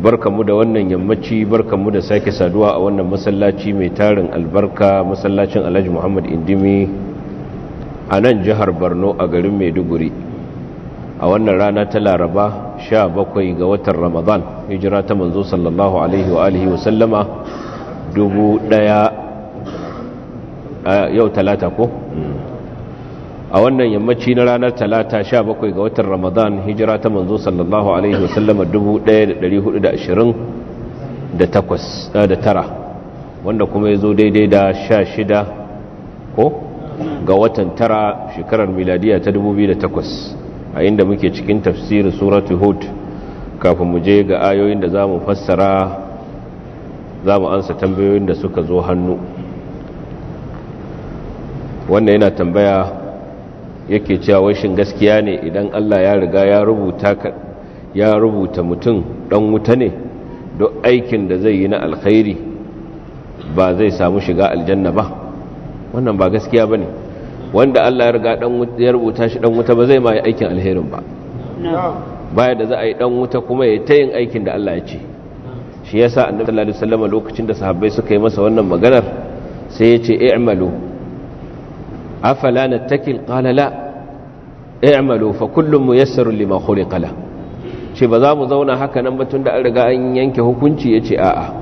barkamu da wannan yammaci barkamu da sake saduwa a wannan masallaci mai tarin albarka masallacin alhaji muhammad indimi a nan jihar borno a garin maiduguri a wannan rana ta laraba sha bakwai ga watan ramadan hijira ta manzo sallallahu alaihi wa alihi wa sallama dubu daya yau talata ko a wannan yammaci na ranar talata sha bakwai ga watan ramadan hijira ta manzo sallallahu alaihi wasallama ah, tara, wanda kuma ya zo daidai da sha shida ko ga watan tara shekarar miladiya ta dubu biyu da takwas, a inda muke cikin tafsirin suratu hud kafin mu je ga ayoyin da za mu fassara za mu ansa tambayoyin da suka zo hannu wannan yana tambaya yake cewa washin gaskiya ne idan Allah ya riga ya rubuta ka ya rubuta mutum dan wuta ne duk aikin da zai yi na alkhairi ba zai samu shiga aljanna ba wannan ba gaskiya bane wanda Allah ya riga dan ya rubuta shi dan wuta ba zai ma yi aikin alherin ba baya da za a yi dan wuta kuma ya ta yin aikin da Allah ya ce shi yasa annabi sallallahu alaihi wasallam lokacin da sahabbai suka yi masa wannan maganar sai ya ce i'malu afala nattakil qala la i'malu fa kullum muyassarun lima khuliqa kala. ce ba za mu zauna haka nan ba tunda an riga an yanke hukunci yace a'a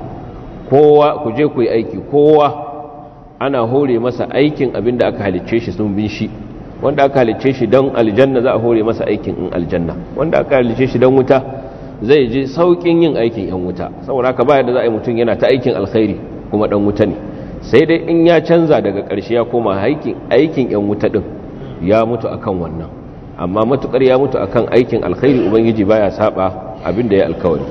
kowa ku je ku yi aiki kowa ana hore masa aikin abin da aka halicce shi sun bin shi wanda aka halicce shi don aljanna za a hore masa aikin aljanna wanda aka halicce shi don wuta zai je sauƙin yin aikin yan wuta saboda haka ba da za a yi mutum yana ta aikin alkhairi kuma dan wuta ne sai dai in ya canza daga ƙarshe ya koma aikin ‘yan wuta ɗin ya mutu akan wannan amma matuƙar ya mutu akan aikin alkhairi ubangiji baya saba abin da ya alkawari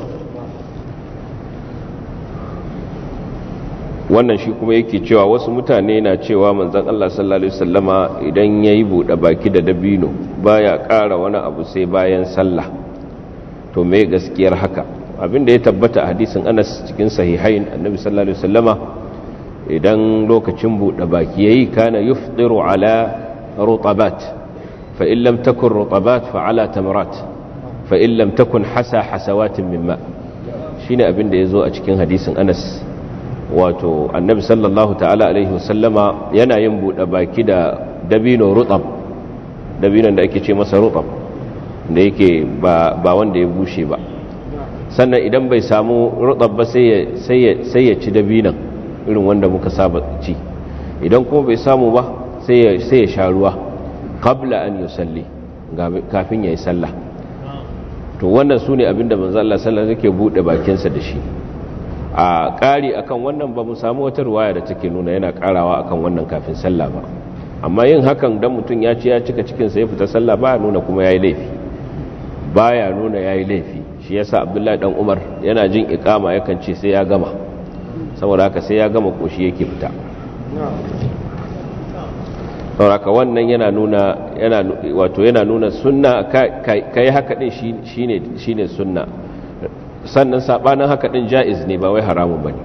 wannan shi kuma yake cewa wasu mutane na cewa manzan Allah sallallahu Alaihi idan ya yi buɗe baki da dabino baya ƙara wani abu sai bayan sallah to me gaskiyar haka abin da ya tabbata a hadisin anas cikin sahihain annabi sallallahu Alaihi idan lokacin buɗe baki yi kana yufdiru ala rutabat fa in lam takun rutabat fa ala tamrat fa in lam takun hasa hasawatin mimma shine abinda ya zo a cikin hadisin Anas wato annabi sallallahu ta'ala alaihi wasallama yana yin buɗe baki da dabino rutab dabinon da ake ce masa rutab da yake ba wanda ya bushe ba sannan idan bai samu rutab ba sai ya ci dabinon irin wanda muka saba ci idan kuma bai samu ba sai ya sha ruwa qabla an yusalli kafin yayi sallah to wannan su ne abinda manzo Allah sallallahu alaihi wasallam bude bakinsa da shi a ƙari akan wannan ba mu samu wata ruwaya da take nuna yana karawa akan wannan kafin sallah ba amma yin hakan dan mutum ya ci ya cika cikin sa ya fita sallah ba nuna kuma yayi laifi baya nuna yayi laifi shi yasa Abdullahi dan Umar yana jin ikama yakan ce sai ya gama saboda haka sai ya gama koshi yake fita haka wannan yana nuna yana wato yana nuna sunna kai haka din shine shine sunna sannan sabanin haka din jaiz ne ba wai haramun bane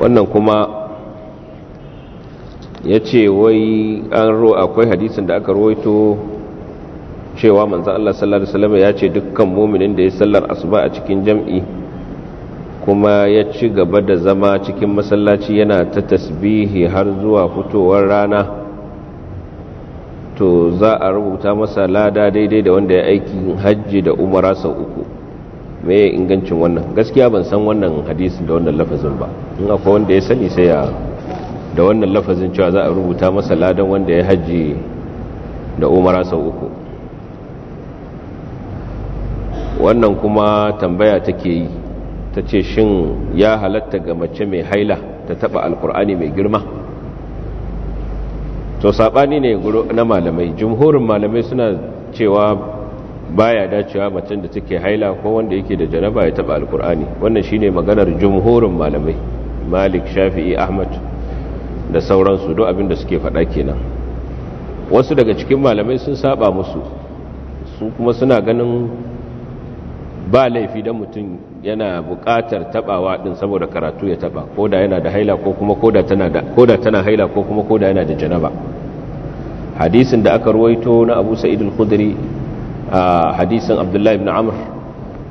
wannan kuma ya ce wai an ro akwai hadisin da aka roito cewa manzan Allah sallallahu Alaihi wasallam ya ce dukkan muminin da ya sallar asuba a cikin jam'i kuma ya ci gaba da zama cikin masallaci yana ta tasbihi har zuwa fitowar rana to za a rubuta masa lada daidai da wanda ya aikin hajji da umara sau uku me ingancin wannan gaskiya ban san wannan hadisin da wannan lafazin ba in akwai wanda ya sani sai ya da wannan lafazin cewa za a rubuta masa ladan wanda ya hajji da umara sau uku wannan kuma tambaya take yi ta ce shin ya halatta ga mace mai haila ta taba alkur'ani mai girma to sabani ne na malamai jumhurin malamai suna cewa baya dacewa macen da take haila ko wanda yake da janaba ya taba alkur'ani wannan shine maganar jumhurin malamai malik shafi'i ahmad da sauransu duk abin da suke faɗa kenan wasu daga cikin malamai sun saba musu su kuma suna ganin ba laifi dan mutum yana buƙatar taɓawa ɗin saboda karatu ya taba koda yana da haila ko kuma koda tana da tana haila ko kuma koda yana da janaba hadisin da aka ruwaito na Abu Sa'id al a hadisin abdullahi ibn amur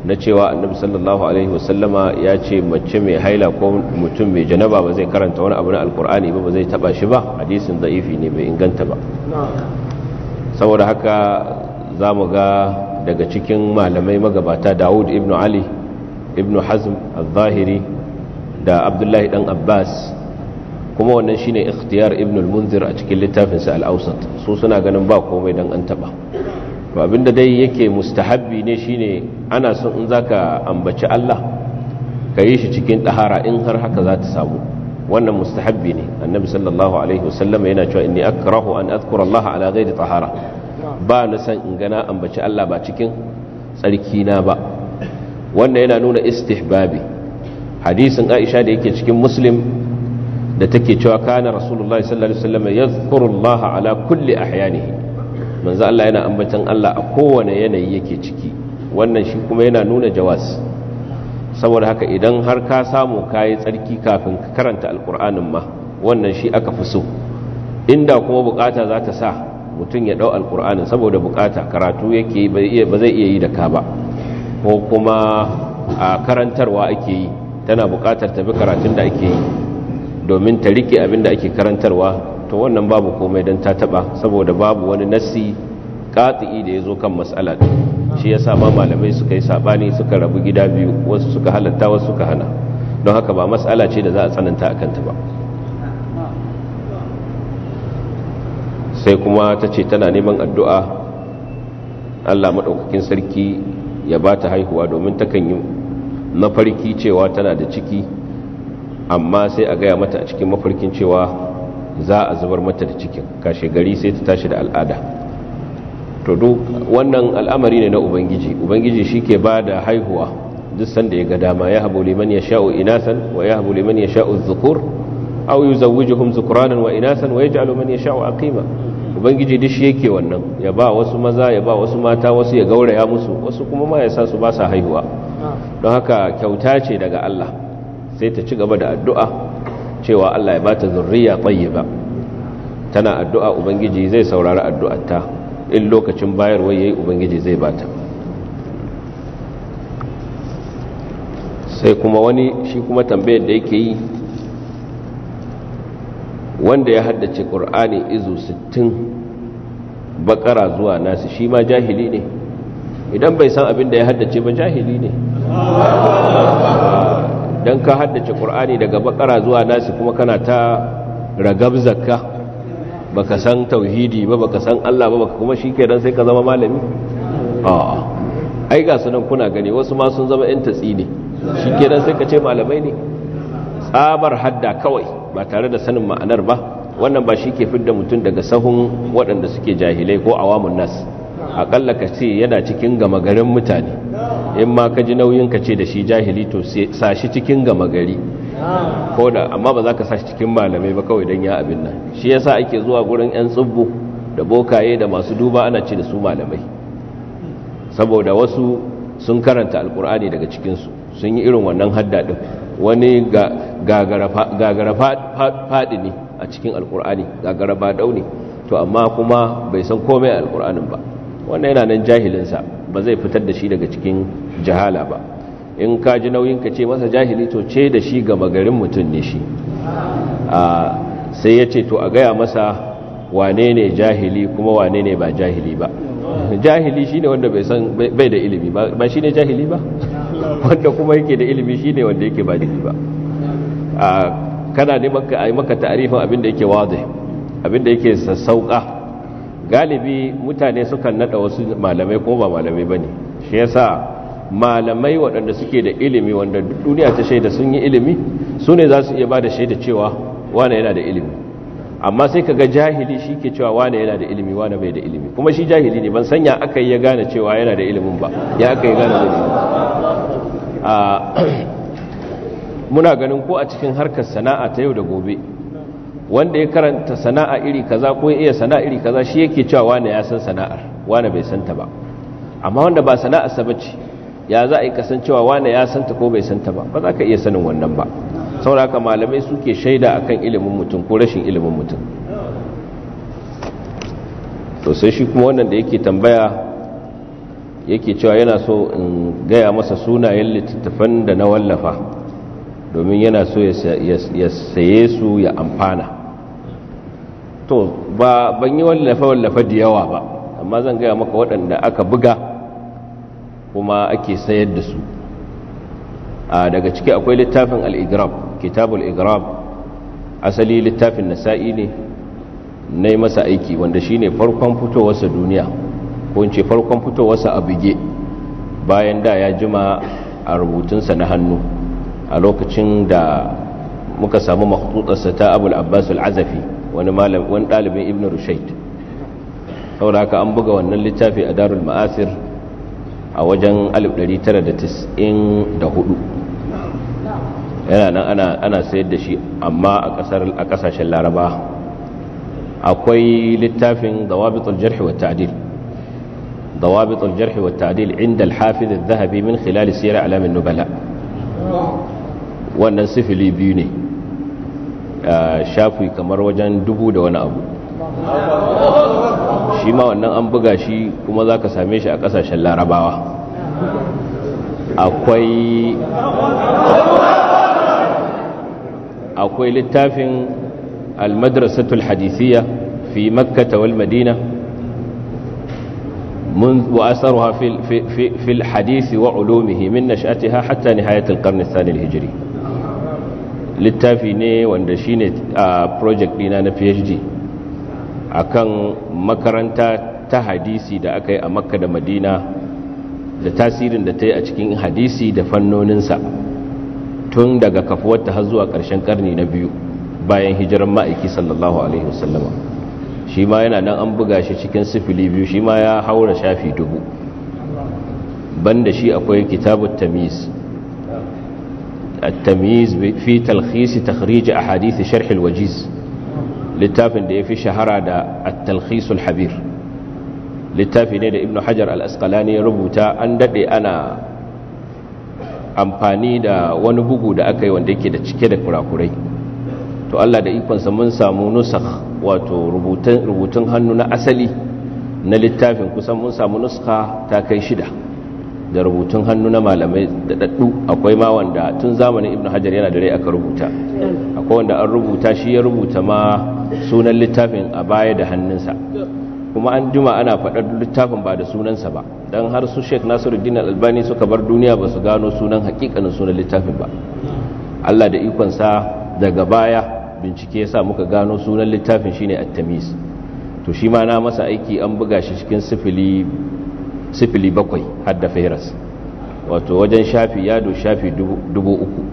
na cewa Annabi sallallahu alaihi wasallama ya ce mace mai haila ko mutum mai janaba ba zai karanta wani abu na alkur'ani ba ba zai taba shi ba hadisin za'ifi ne bai inganta ba saboda haka za mu ga daga cikin malamai magabata Dawud ibn Ali ibn Hazm al-Zahiri da Abdullahi dan Abbas kuma wannan shine ikhtiyar ibn al-Munzir a cikin littafinsa al-Awsat su suna ganin ba komai dan an taba to abinda dai yake mustahabbi ne shine ana son in zaka ambaci Allah ka yi shi cikin tahara in har haka za ta samu wannan mustahabbi ne annabi sallallahu alaihi wasallam yana cewa inni akrahu an adhkura Allah ala ghairi tahara ba na san in gana ambaci Allah ba cikin tsarkina ba wannan yana nuna istihbabi hadisin Aisha da yake cikin Muslim da take cewa kana Rasulullahi sallallahu alaihi wasallam yadhkurullaha ala kulli ahyanihi manzo Allah yana ambacin Allah a kowane yanayi yake ciki wannan shi kuma yana nuna jawaz saboda haka idan har ka samu kai tsarki kafin ka karanta alkur'anin ma wannan shi aka fi so inda kuma bukata za ta sa mutum ya ɗau alƙur'anin saboda bukata karatu yake ba zai iya yi da ka ba ko kuma a karantarwa ake yi tana bukatar tafi karatun da ake yi domin ta riƙe abin da ake karantarwa to wannan babu komai don ta taba saboda babu wani nassi katsi da ya zo kan matsala shi ya sa ma malamai suka yi sabani suka rabu gida biyu wasu suka halatta wasu suka hana don haka ba matsala ce da za a tsananta a kanta ba sai kuma ta ce tana neman addu'a allah maɗaukakin sarki ya ba ta haihuwa domin takan yi mafarki cewa tana da ciki amma sai a gaya mata a cikin mafarkin cewa za a zubar mata da cikin kashe gari sai ta tashi da al'ada to duk wannan al'amari ne na ubangiji ubangiji shi ke ba da haihuwa duk sanda ya ga dama ya habu liman ya sha'o inasan wa ya habu liman ya sha’o zukur au yi yuzawwijuhum zukranan wa inasan wa ya ya man a kima. ubangiji duk shi yake wannan ya ba wasu maza ya ba wasu mata wasu ya gauraya musu wasu kuma ma ya sa su ba sa haihuwa don haka kyauta ce daga Allah sai ta ci gaba da addu'a cewa Allah ya bata zurriya tayyiba tana addu'a ubangiji zai saurari addu'arta in lokacin bayarwa yayi ubangiji zai bata sai kuma wani shi kuma tambayar da yake yi wanda ya haddace qur'ani izu 60 bakara zuwa nasu shi ma jahili ne idan bai san abin da ya haddace ba jahili ne dan ka haddace qur'ani daga bakara zuwa nasu kuma kana ta ragab zakka ka san tauhidi ba ba ka san Allah ba baka kuma shikenan sai ka zama malami a'a ai ga sunan kuna gani wasu ma sun zama yan tatsi ne shi shikenan sai ka ce malamai ne tsabar hadda kawai ba tare da sanin ma'anar ba wannan ba shi ke fidda mutum daga sahun waɗanda suke jahilai ko awamun nas aƙalla ka ce yana cikin gama garin mutane in ma ka ji nauyin ka ce da shi jahili to sa shi cikin gama gari ko da amma ba za ka sa shi cikin malamai ba kawai don ya abin nan shi ya yasa ake zuwa gurin 'yan tsubbu da bokaye da masu duba ana ce da su malamai saboda wasu sun karanta alkur'ani daga cikinsu sun yi irin wannan hadda ɗin wani gagara faɗi ne a cikin alkur'ani gagara ba ne to amma kuma bai san komai a alkur'anin ba wanda yana nan jahilinsa ba zai fitar da shi daga cikin jahala ba in ka ji nauyin ka ce masa jahili to ce da shi ga magarin mutum ne shi sai ya ce to a gaya masa wane ne jahili kuma wane ne ba jahili ba jahili shi ne wanda bai da ilimi ba shi ne jahili ba wanda kuma yake da ilimi shine wanda yake ba jiki ba kana maka a yi maka ta'arifin abin da yake wadih abin da yake sassauka galibi mutane sukan nada wasu malamai ko ba malamai ba ne shi yasa malamai waɗanda suke da ilimi wanda duniya ta shaida sun yi ilimi su ne za su iya ba da shaida cewa wane yana da ilimi amma sai ka ga jahili shi ke cewa wane yana da ilimi wane bai da ilimi kuma shi jahili ne ban sanya aka yi ya gane cewa yana da ilimin ba ya aka yi gane da ilimi muna ganin ko a cikin harkar sana'a ta yau da gobe wanda ya karanta sana'a iri kaza ko iya sana'a iri kaza shi yake cewa wani ya san sana'ar wani bai santa ba amma wanda ba sana'ar sa bace ya za a yi kasancewa wani ya santa ko bai santa ba ba za ka iya sanin wannan ba saboda haka malamai suke shaida akan ilimin mutum ko rashin ilimin mutum to sai shi kuma wannan da yake tambaya yake cewa yana so in gaya masa sunayen littattafan da na wallafa domin yana so ya saye su ya amfana to ba ban yi wallafa-wallafa da yawa ba amma zan gaya maka waɗanda aka buga kuma ake sayar da su daga ciki akwai littafin aligrab kitabul al’igrab asali littafin nasa'i ne na yi masa aiki wanda shi ne farkon fitowarsa duniya ko ce farkon fitowarsa a bige bayan da ya jima a rubutunsa na hannu a lokacin da muka samu makhtutarsa ta abul abbas al-azafi wani ɗalibin ibn rushaid saboda haka an buga wannan littafi a darul ma'asir a wajen 1994 yana nan ana sayar da shi amma a ƙasashen laraba akwai littafin dawabitul jarhi wa ta'dil ضوابط الجرح والتعديل عند الحافظ الذهبي من خلال سير أعلام النبلاء wannan sifili biyu ne shafi kamar wajen dubu da wani abu shi ma wannan an buga shi kuma za ka same shi a kasashen larabawa akwai akwai littafin almadrasatul hadisiyya fi makka wal madina وأثرها في, في, في الحديث وعلومه من نشأتها حتى نهاية القرن الثاني الهجري littafi ne wanda shi ne a project dina na phd akan makaranta ta hadisi da aka yi a makka da madina da tasirin da ta yi a cikin hadisi da fannoninsa tun daga kafuwarta har zuwa ƙarshen karni na biyu bayan hijirar ma'aiki sallallahu alaihi wasallama shi ma yana nan an buga shi cikin sifili biyu shi ma ya haura shafi dubu banda shi akwai kitabut tamiz fi في تلخيص a hadithi شرح wajiz littafin da ya fi shahara da at-talkhisul habir littafi ne da ibnu hajar al-asqalani ya rubuta an dade ana amfani da wani bugu da aka yi wanda yake da cike da kurakurai to Allah da ikonsa mun samu nusakh wato rubutun hannu na asali na littafin kusan mun samu nuska ta kai shida da rubutun hannu na malamai da daddu akwai ma wanda tun zamanin Ibn hajar yana da rai aka rubuta akwai wanda an rubuta shi ya rubuta ma sunan littafin a baya da hannunsa kuma an juma ana faɗar littafin ba da sunansa ba don har su sheik nasiruddin albani suka bar duniya ba su gano sunan hakikanin sunan littafin ba allah da ikonsa daga baya bincike yasa muka gano sunan littafin shine at-tamis to shi ma na masa aiki an buga shi cikin sifili sifili bakwai hadda fairas wato wajen shafi yado shafi dubu uku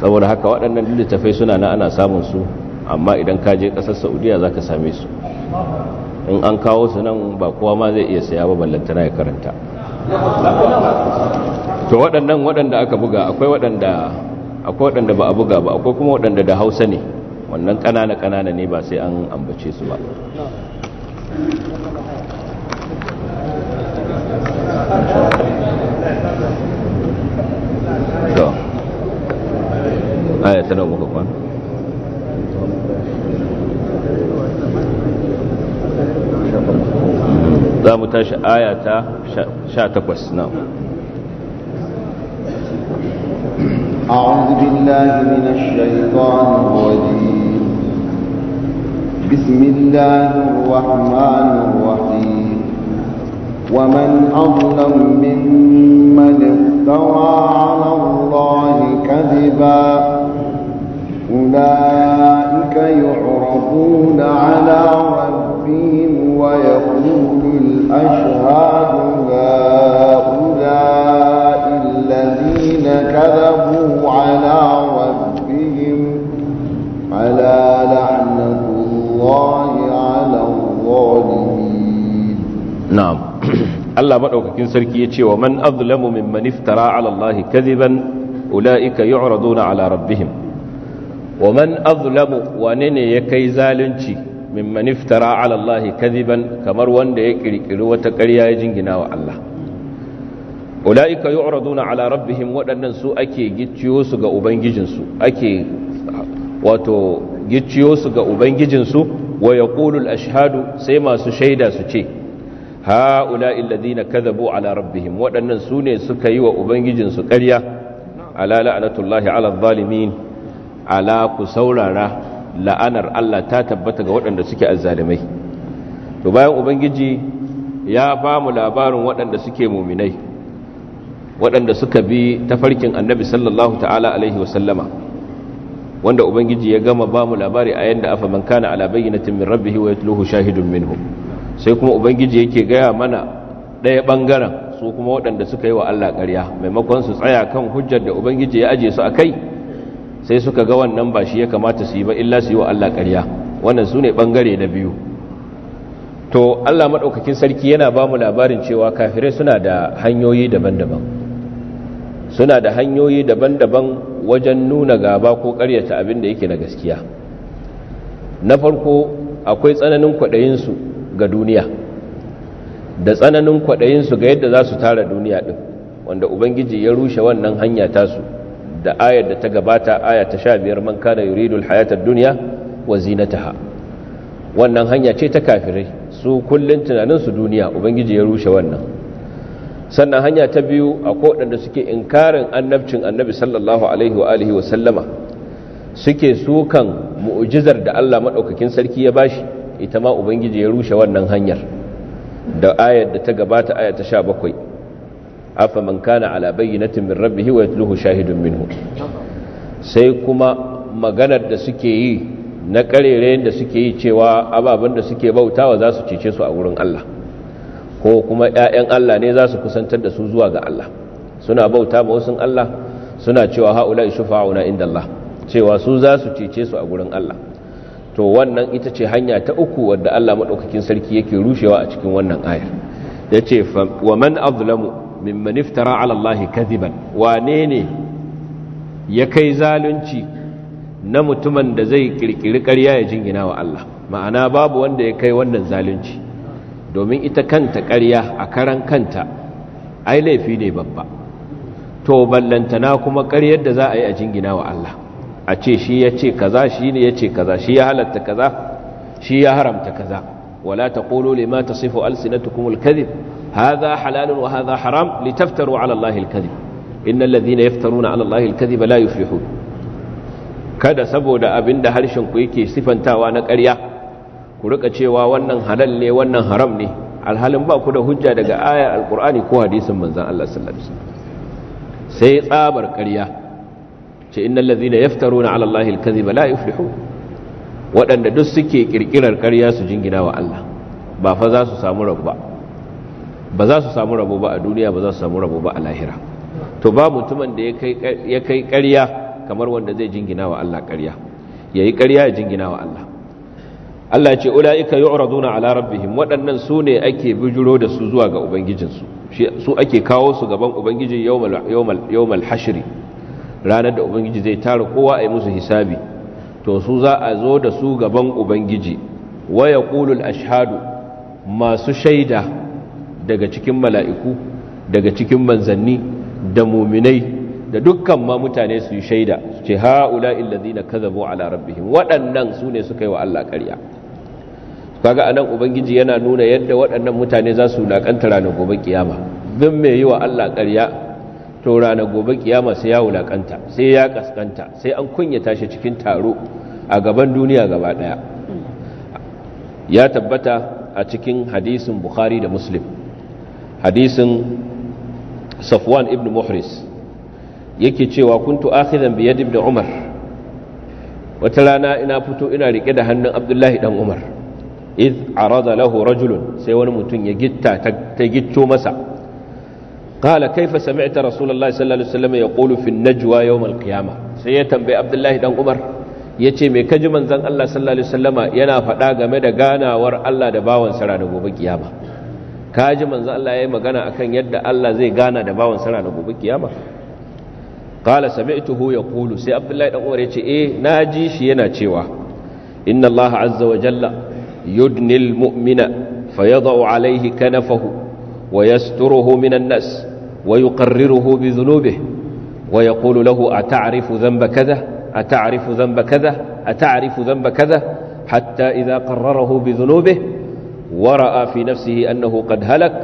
saboda haka waɗannan littafai suna na ana samun su amma idan ka je ƙasar saudiya za ka same su in an kawo su nan ba kowa ma zai iya saya ba ballantana ya karanta to waɗannan waɗanda aka buga akwai waɗanda akwai waɗanda ba a buga ba akwai kuma waɗanda da hausa ne wannan ƙanana ƙanana ne ba sai an ambace su ba za mu tashi aya ta 18 na أعوذ بالله من الشيطان الرجيم بسم الله الرحمن الرحيم ومن أظلم ممن افترى على الله كذبا أولئك يعرضون على ربهم ويقول الأشهاد هؤلاء الذين كذبوا على ربهم على لعنة الله على الظالمين نعم الله مدعوك كن سركي ومن أظلم ممن افترى على الله كذبا أولئك يعرضون على ربهم ومن أظلم ونن يكي زالنشي ممن افترى على الله كذبا كمر وند يكري كروة كريا يجنجنا الله ula'ika yu'raduna ala rabbihim waɗannan su ake gicciyo su ga ubangijinsu ake wato gicciyo su ga ubangijinsu wa yaqulu al-ashhadu sai masu shaida su ce ha'ula'i alladhina kadhabu ala rabbihim waɗannan su ne suka yi wa ubangijinsu ƙarya ala la'natullahi ala adh ala ku saurara la'anar Allah ta tabbata ga waɗanda suke azzalimai to bayan ubangiji ya bamu labarin waɗanda suke muminai waɗanda suka bi tafarkin annabi sallallahu ta'ala alaihi wasallama wanda ubangiji ya gama ba mu labari a yanda afa man kana ala bayyinatin min rabbihi wa yatluhu shahidun minhum sai kuma ubangiji yake gaya mana ɗaya bangaren su kuma waɗanda suka yi wa Allah ƙarya maimakon su tsaya kan hujjar da ubangiji ya aje su a kai sai suka ga wannan ba shi ya kamata su yi ba illa su yi wa Allah ƙarya wannan su ne ɓangare na biyu to Allah maɗaukakin sarki yana ba mu labarin cewa kafirai suna da hanyoyi daban-daban suna da hanyoyi daban-daban wajen nuna gaba ko karyata abin da yake na gaskiya na farko akwai tsananin kwaɗayinsu ga duniya da tsananin kwaɗayinsu ga yadda za su tara duniya ɗin wanda ubangiji ya rushe wannan hanya tasu da ayar da ta gabata ayar ta sha biyar man kana yuridul hayatar duniya wa zinataha wannan hanya ce ta kafirai su kullum tunaninsu duniya ubangiji ya rushe wannan sannan hanya ta biyu a kowaɗanda suke inkarin annabcin annabi sallallahu alaihi wa alihi wa suke sukan mu'ujizar da Allah madaukakin sarki ya bashi ita ma ubangiji ya rushe wannan hanyar da ayar da ta gabata aya ta 17 afa man kana ala bayyinatin min rabbihi wa yatluhu shahidun minhu sai kuma maganar da suke yi na karerayen da suke yi cewa ababen da suke bautawa za su cece su a wurin Allah ko kuma 'ya'yan Allah ne za su kusantar da su zuwa ga Allah suna bauta ba wasu Allah suna cewa ha'ula'i shufa'una inda Allah cewa su za su cece su a gurin Allah to wannan ita ce hanya ta uku wadda Allah maɗaukakin sarki yake rushewa a cikin wannan ayar Ya ce wa man azlamu min maniftara ala ka kadhiban wane ne ya kai zalunci na mutumin da zai kirkiri ƙarya ya jingina wa Allah ma'ana babu wanda ya kai wannan zalunci domin ita kanta ƙarya a karan kanta ai laifi ne babba to ballantana kuma ƙaryar da za a yi a jingina wa Allah a ce shi ya ce kaza shi ne ya ce kaza shi ya halatta kaza shi ya haramta kaza wala taqulu lima tasifu alsinatukum alkadhib hadha halalun wa hadha haram litaftaru ala Allah alkadhib innal ladhina yaftaruna ala Allah alkadhib la yuflihun kada saboda abinda harshen ku yake sifantawa na ƙarya ku rika cewa wannan halal ne wannan haram ne alhalin ba ku da hujja daga ayar alkur'ani ko hadisin manzan Allah sallallahu alaihi sai tsabar ƙarya ce innal ladhina yaftaruna ala allahi alkadhiba la yuflihu waɗanda duk suke kirkirar ƙarya su jingina wa Allah ba fa za su samu rabo ba ba za su samu rabo ba a duniya ba za su samu rabo ba a lahira to ba mutumin da ya kai ƙarya kamar wanda zai jingina wa Allah ƙarya yayi ƙarya ya jingina wa Allah Allah ce ula'ika yu'raduna ala rabbihim waɗannan su ne ake bijiro da su zuwa ga ubangijinsu su ake kawo su gaban ubangiji yawmal hashri ranar da ubangiji zai tara kowa a yi musu hisabi to su za a zo da su gaban ubangiji wa yaqulul ashhadu masu shaida daga cikin mala'iku daga cikin manzanni da muminai da dukkan ma mutane su yi shaida su ce ha'ula illazina kadhabu ala rabbihim waɗannan su ne suka yi wa Allah ƙarya kaga anan ubangiji yana nuna yadda waɗannan mutane za su wulaƙanta ranar gobe kiyama don mai yi wa Allah ƙarya to ranar gobe kiyama sai ya wulaƙanta sai ya ƙasƙanta, sai an kunyata shi cikin taro a gaban duniya gaba ɗaya ya tabbata a cikin hadisin bukhari da muslim hadisin safwan ibn muhris yake cewa kuntu akhidan bi yadi ibn umar wata rana ina fito ina rike da hannun abdullahi dan umar iz arada lahu rajulun sai wani mutum ya gitta ta gitto masa qala kaifa sami'ta rasulullahi sallallahu alaihi wasallam yaqulu fi najwa yawm alqiyama sai ya tambayi abdullahi dan umar yace me kaji manzon Allah sallallahu alaihi wasallama yana faɗa game da ganawar Allah da bawan sa da gobe kiyama kaji manzon Allah yayi magana akan yadda Allah zai gana da bawan sa da gobe kiyama قال سمعته يقول سي عبد الله دان اور يتي ايه ناجي شي yana cewa ان الله عز وجل يدني المؤمن فيضع عليه كنفه ويستره من الناس ويقرره بذنوبه ويقول له اتعرف ذنب كذا اتعرف ذنب كذا اتعرف ذنب كذا حتى اذا قرره بذنوبه وراى في نفسه انه قد هلك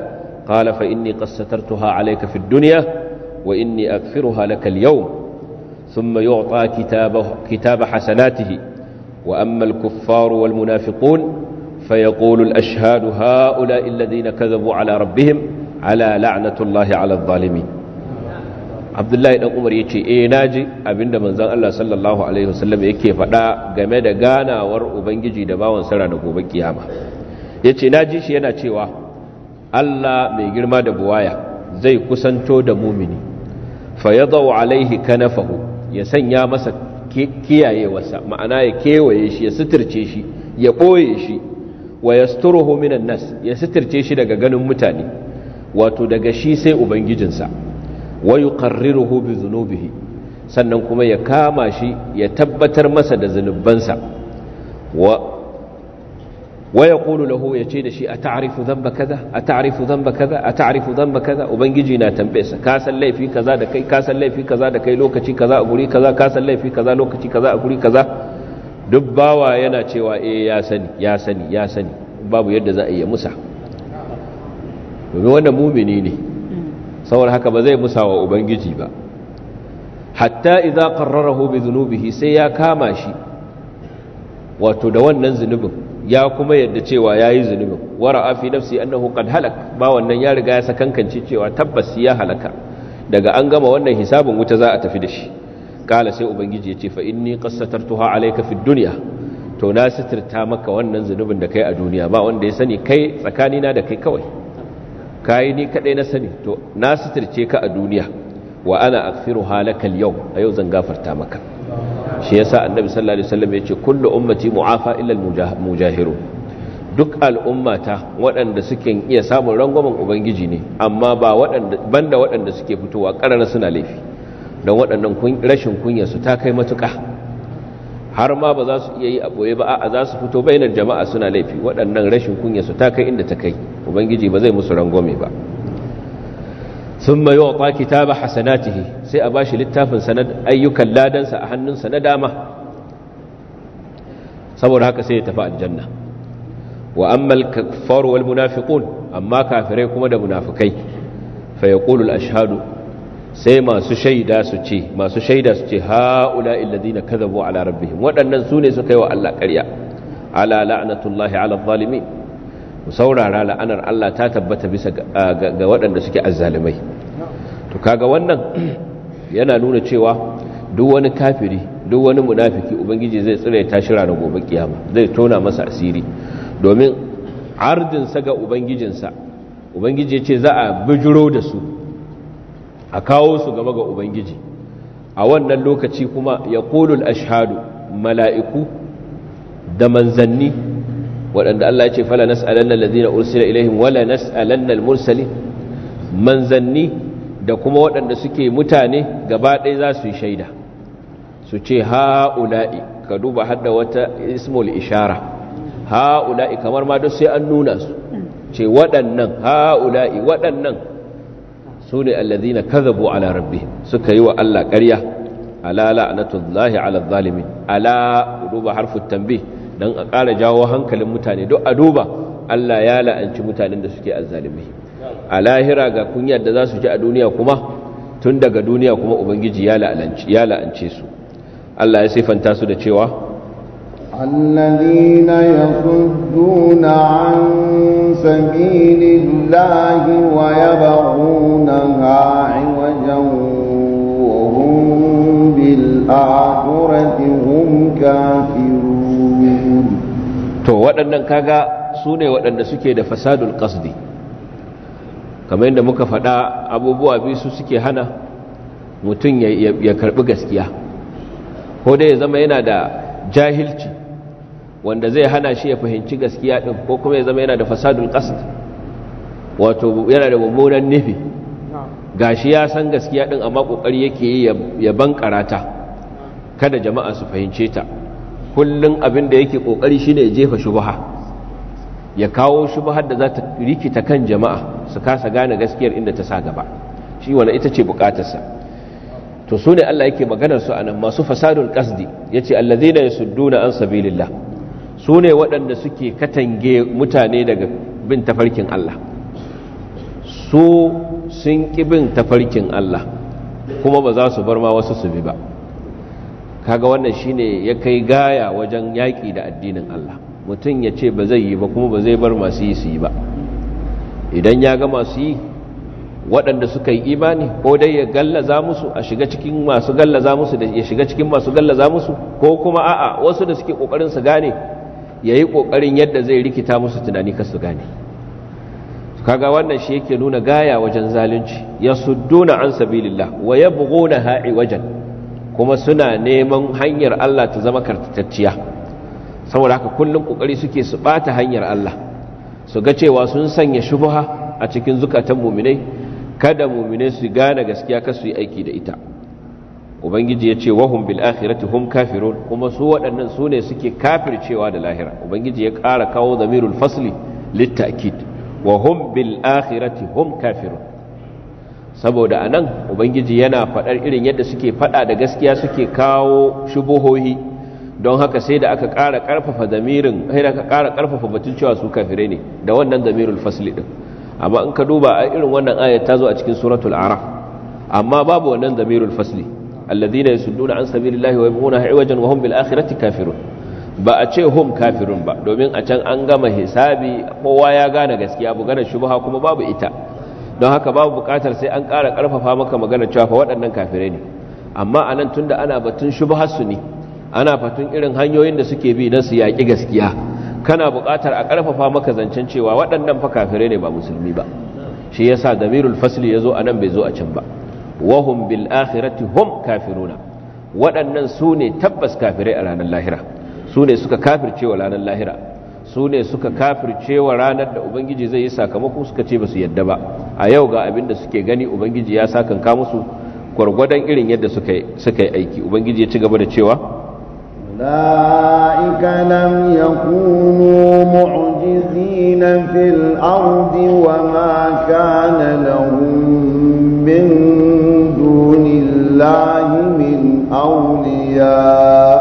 قال فاني قد سترتها عليك في الدنيا وإني أغفرها لك اليوم ثم يعطى كتابه كتاب حسناته وأما الكفار والمنافقون فيقول الأشهاد هؤلاء الذين كذبوا على ربهم على لعنة الله على الظالمين abdullahi ɗan umar ya ce eh, na ji abinda manzon Allah sallallahu alaihi wasallam yake faɗa game da ganawar ubangiji da bawan da gobe kiyama yace ji shi yana cewa Allah mai girma da buwaya zai kusanto da mumini fa wa alaihi kanafahu ya sanya masa kiyayewarsa ma'ana ya kewaye shi ya suturce shi ya ɓoye shi wa ya yasturuhu minan nas ya suturce shi daga ganin mutane wato daga shi sai ubangijinsa wa yuqarriruhu bi zunubihi sannan kuma ya kama shi ya tabbatar masa da zunubansa wa yaqulu lahu yace da shi ata'rifu dhanba kaza ata'rifu dhanba kaza ata'rifu dhanba kaza ubangiji na tambayesa ka laifi kaza da kai ka laifi kaza da kai lokaci kaza a guri kaza ka laifi kaza lokaci kaza a guri kaza duk yana cewa eh ya sani ya sani ya sani babu yadda za a musa domin wannan mumini ne saboda haka ba zai musa wa ubangiji ba hatta idza bi sai ya kama shi wato da wannan zunubin ya kuma yadda cewa ya yayi zunubin wara'a fi nafsi annahu qad halak ba wannan ya riga ya sakankance cewa tabbas ya halaka daga an gama wannan hisabin wuta za a tafi da shi kala sai ubangiji ya ce fa inni qassatartuha alayka fid dunya to na sitirta maka wannan zunubin da kai a duniya ba wanda ya sani kai tsakanina da kai kawai kai ni kadai na sani to na sitirce ka a duniya wa ana aghfiruha lakal yau a yau zan gafarta maka shi yasa annabi sallallahu alaihi wasallam yace kullu ummati mu'afa illa al-mujahirun duk al'ummata waɗanda suke iya samun rangwamen ubangiji ne amma ba waɗanda banda waɗanda suke fitowa ƙarara suna laifi don waɗannan rashin kunya su ta kai matuƙa har ma ba za su iya yi a boye ba a za su fito bainar jama'a suna laifi waɗannan rashin kunya su ta kai inda ta kai ubangiji ba zai musu rangwame ba thumma yu'ta kitaba hasanatihi sai a bashi littafin sanad ayyukan ladansa a sa na dama saboda haka sai ya tafi aljanna wa amma al wal munafiqun amma kafirai kuma da munafikai fa yaqulu al-ashhadu sai masu shaida su ce masu shaida su ce haula alladhina kadhabu ala rabbihim wadannan sune suka yi wa Allah ƙarya ala la'natullahi ala zalimin Mu saurara la'anar Allah ta tabbata bisa ga waɗanda suke azzalimai to kaga wannan yana nuna cewa duk wani kafiri duk wani munafiki ubangiji zai tsira ya tashi na gobe kiyama zai tona masa asiri domin sa ga ubangijinsa ubangiji ya ce za a bijiro da su a kawo su gaba ga ubangiji a wannan lokaci kuma ya kolul ashadu mala'iku da manzanni waɗanda Allah ya ce fala nas'alanna allazina ursila ilaihim wala nas'alanna al manzanni da kuma waɗanda suke mutane gaba ɗaya za su yi shaida su ce ha'ula'i ka duba hadda wata ismul ishara ha'ula'i kamar ma duk sai an nuna su ce waɗannan ha'ula'i waɗannan su ne allazina kazabu ala rabbi suka yi wa Allah ƙarya ala la'natullahi ala zalimin ala duba harfin tanbih don a ƙara jawo hankalin mutane duk a duba Allah ya la'anci mutanen da suke azzalumai a lahira ga kunyar da za su ji a duniya kuma tun daga duniya kuma ubangiji ya la'ance su Allah ya saifanta su da cewa الذين يصدون عن سبيل الله ويبغونها عوجا وهم بالآخرة هم كافرون to waɗannan kaga su ne waɗanda suke da fasadul ƙasdi kamar yadda muka faɗa abubuwa biyu su suke hana mutum ya karɓi gaskiya ko dai ya zama yana da jahilci wanda zai hana shi ya fahimci gaskiya ɗin ko kuma ya zama yana da fasadul ƙasdi wato yana da mummunan nufi ga shi ya san gaskiya ɗin amma ƙoƙari yake yi ya ban ta kada jama'a su fahimce ta kullum abin da yake kokari shine ya jefa shubha ya kawo shubhar da za ta rikita kan jama'a su kasa gane gaskiyar inda ta sa gaba shi wannan ita ce bukatarsa to su ne Allah yake maganar su anan masu ya ce fasadul qasdi yace allazina yasudduna an sabilillah su ne waɗanda suke katange mutane daga bin tafarkin Allah su sun ƙi bin tafarkin Allah kuma ba za su bar ma wasu su bi ba kaga wannan shine ya kai gaya wajen yaƙi da addinin Allah mutum ya ce ba zai yi ba kuma ba zai bar masu yi su yi ba idan ya ga masu yi waɗanda suka yi imani ko dai ya gallaza musu a shiga cikin masu gallaza musu da ya shiga cikin masu gallaza musu ko kuma a'a wasu da suke kokarin su gane yayi kokarin yadda zai rikita musu tunani kar su gane kaga wannan shi yake nuna gaya wajen zalunci yasudduna an sabilillah wa ha'i wajen. kuma suna neman hanyar Allah ta zama kartatacciya saboda haka kullum kokari suke su bata hanyar Allah su ga cewa sun sanya shubha a cikin zukatan mu'minai kada mu'minai su gane gaskiya ka su yi aiki da ita ubangiji ya ce wahum bil akhirati hum kafirun kuma su waɗannan su ne suke kafircewa da lahira ubangiji ya ƙara kawo zamirul fasli littakid wa hum bil akhirati hum kafirun saboda a nan ubangiji yana faɗar irin yadda suke faɗa da gaskiya suke kawo shubuhohi don haka sai da aka ƙara ƙarfafa zamirin sai da aka ƙara ƙarfafa batun cewa su kafirai ne da wannan zamirul fasli din amma in ka duba a irin wannan ayat ta zo a cikin suratul araf amma babu wannan zamirul fasli alladhina yasudduna an sabilillahi wa yabghuna hiwajan wa hum bil akhirati kafirun ba a ce hum kafirun ba domin a can an gama hisabi kowa ya gane gaskiya bu gane shubha kuma babu ita don haka babu bukatar sai an ƙara ƙarfafa maka magana cewa fa waɗannan kafirai ne amma a nan tunda ana batun shubhasu ne ana fatun irin hanyoyin da suke bi don su yaƙi gaskiya kana buƙatar a ƙarfafa maka zancen cewa waɗannan fa kafirai ne ba musulmi ba shi yasa damirul fasli ya zo a nan bai zo a can ba wahum bil akhirati hum kafiruna waɗannan su ne tabbas kafirai a ranar lahira su ne suka kafirce wa ranar lahira su ne suka kafirce wa ranar da ubangiji zai yi sakamako suka ce ba su yadda ba a yau ga abin da suke gani ubangiji ya sa ka musu gwargwadon irin yadda suka yi aiki ubangiji ya ci gaba da cewa أولئك ya يكونوا معجزين في الأرض wa ma لهم من دون الله من أولياء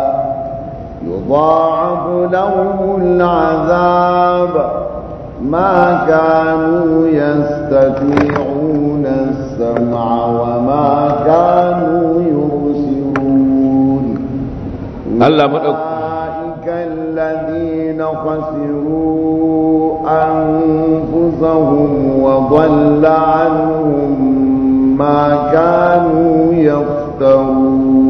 يضاعف لهم العذاب ما كانوا يستطيعون السمع وما كانوا يبصرون الله أولئك الذين خسروا أنفسهم وضل عنهم ما كانوا يفترون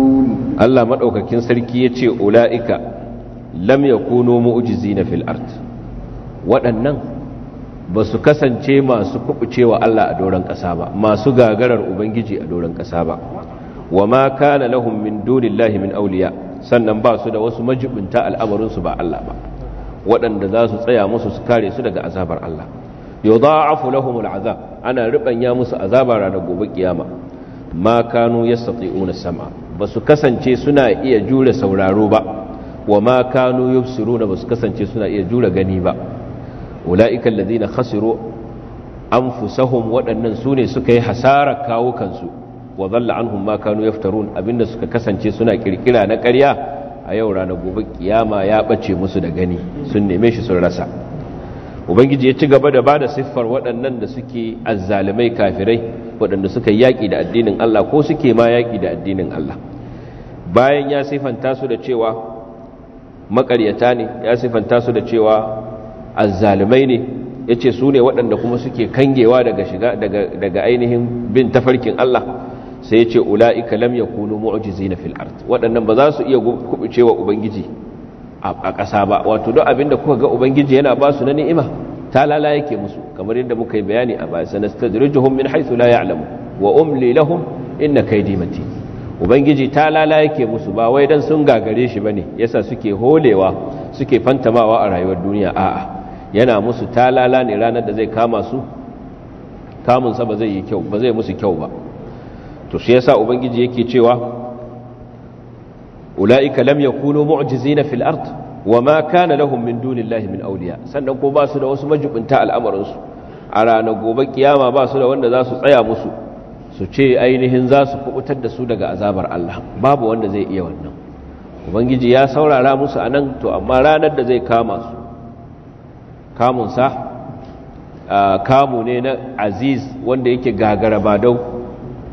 Allah maɗaukakin sarki ya ce ula'ika lam yakunu mu'jizina fil ard waɗannan ba su kasance masu kuɓucewa Allah a doron ƙasa ba masu gagarar ubangiji a doron ƙasa ba wa ma kana lahum min dunillahi min awliya sannan ba su da wasu majibinta al'amarin ba Allah ba waɗanda za su tsaya musu su kare su daga azabar Allah yudha'afu lahum al'azab ana ribanya musu azaba ranar gobe kiyama ma kanu yastati'una sam'a ba su kasance suna iya jure sauraro ba wa ma kanu yubsiruna basu kasance suna iya jura gani ba ulaiikal ladina khasiru anfusahum waɗannan sune suka yi hasara kawo kansu wa dhalla anhum ma kanu yaftarun abinda suka kasance suna kirkira na ƙarya a yau ranar gobe kiyama ya bace musu da gani sun neme shi sun rasa ubangiji ya ci gaba da bada siffar waɗannan da suke azzalimai kafirai waɗanda suka yaƙi da addinin Allah ko suke ma yaƙi da addinin Allah bayan ya sifanta su da cewa maƙaryata ne ya sifanta su da cewa azzalumai ne ya ce su ne waɗanda kuma suke kangewa daga shiga daga ainihin bin tafarkin Allah sai ya ce ula'ika lam ya kunu mu'ujizi na fil'art waɗannan ba za su iya kubucewa ubangiji a ƙasa ba wato don abinda kuka ga ubangiji yana ba su na ni'ima ta lala yake musu kamar yadda muka yi bayani a baya sanastadrijuhum min haythu la ya'lamu wa umli lahum inna kai matin ubangiji ta lala yake musu ba wai dan sun gagare shi bane yasa suke holewa suke fantamawa a rayuwar duniya a'a yana musu ta lala ne ranar da zai kama su kamun sa ba zai yi kyau ba zai musu kyau ba to shi yasa ubangiji yake cewa ulaika lam yakunu mu'jizina fil ard wama kana lahum min dunillahi min awliya sannan ko ba su da wasu majubinta al'amarin su a ranar gobe kiyama ba su da wanda za su tsaya musu su ce ainihin za su kubutar da su daga azabar Allah babu wanda zai iya wannan ubangiji ya saurara musu anan to amma ranar da zai kama su kamun sa kamu ne na aziz wanda yake gagara dau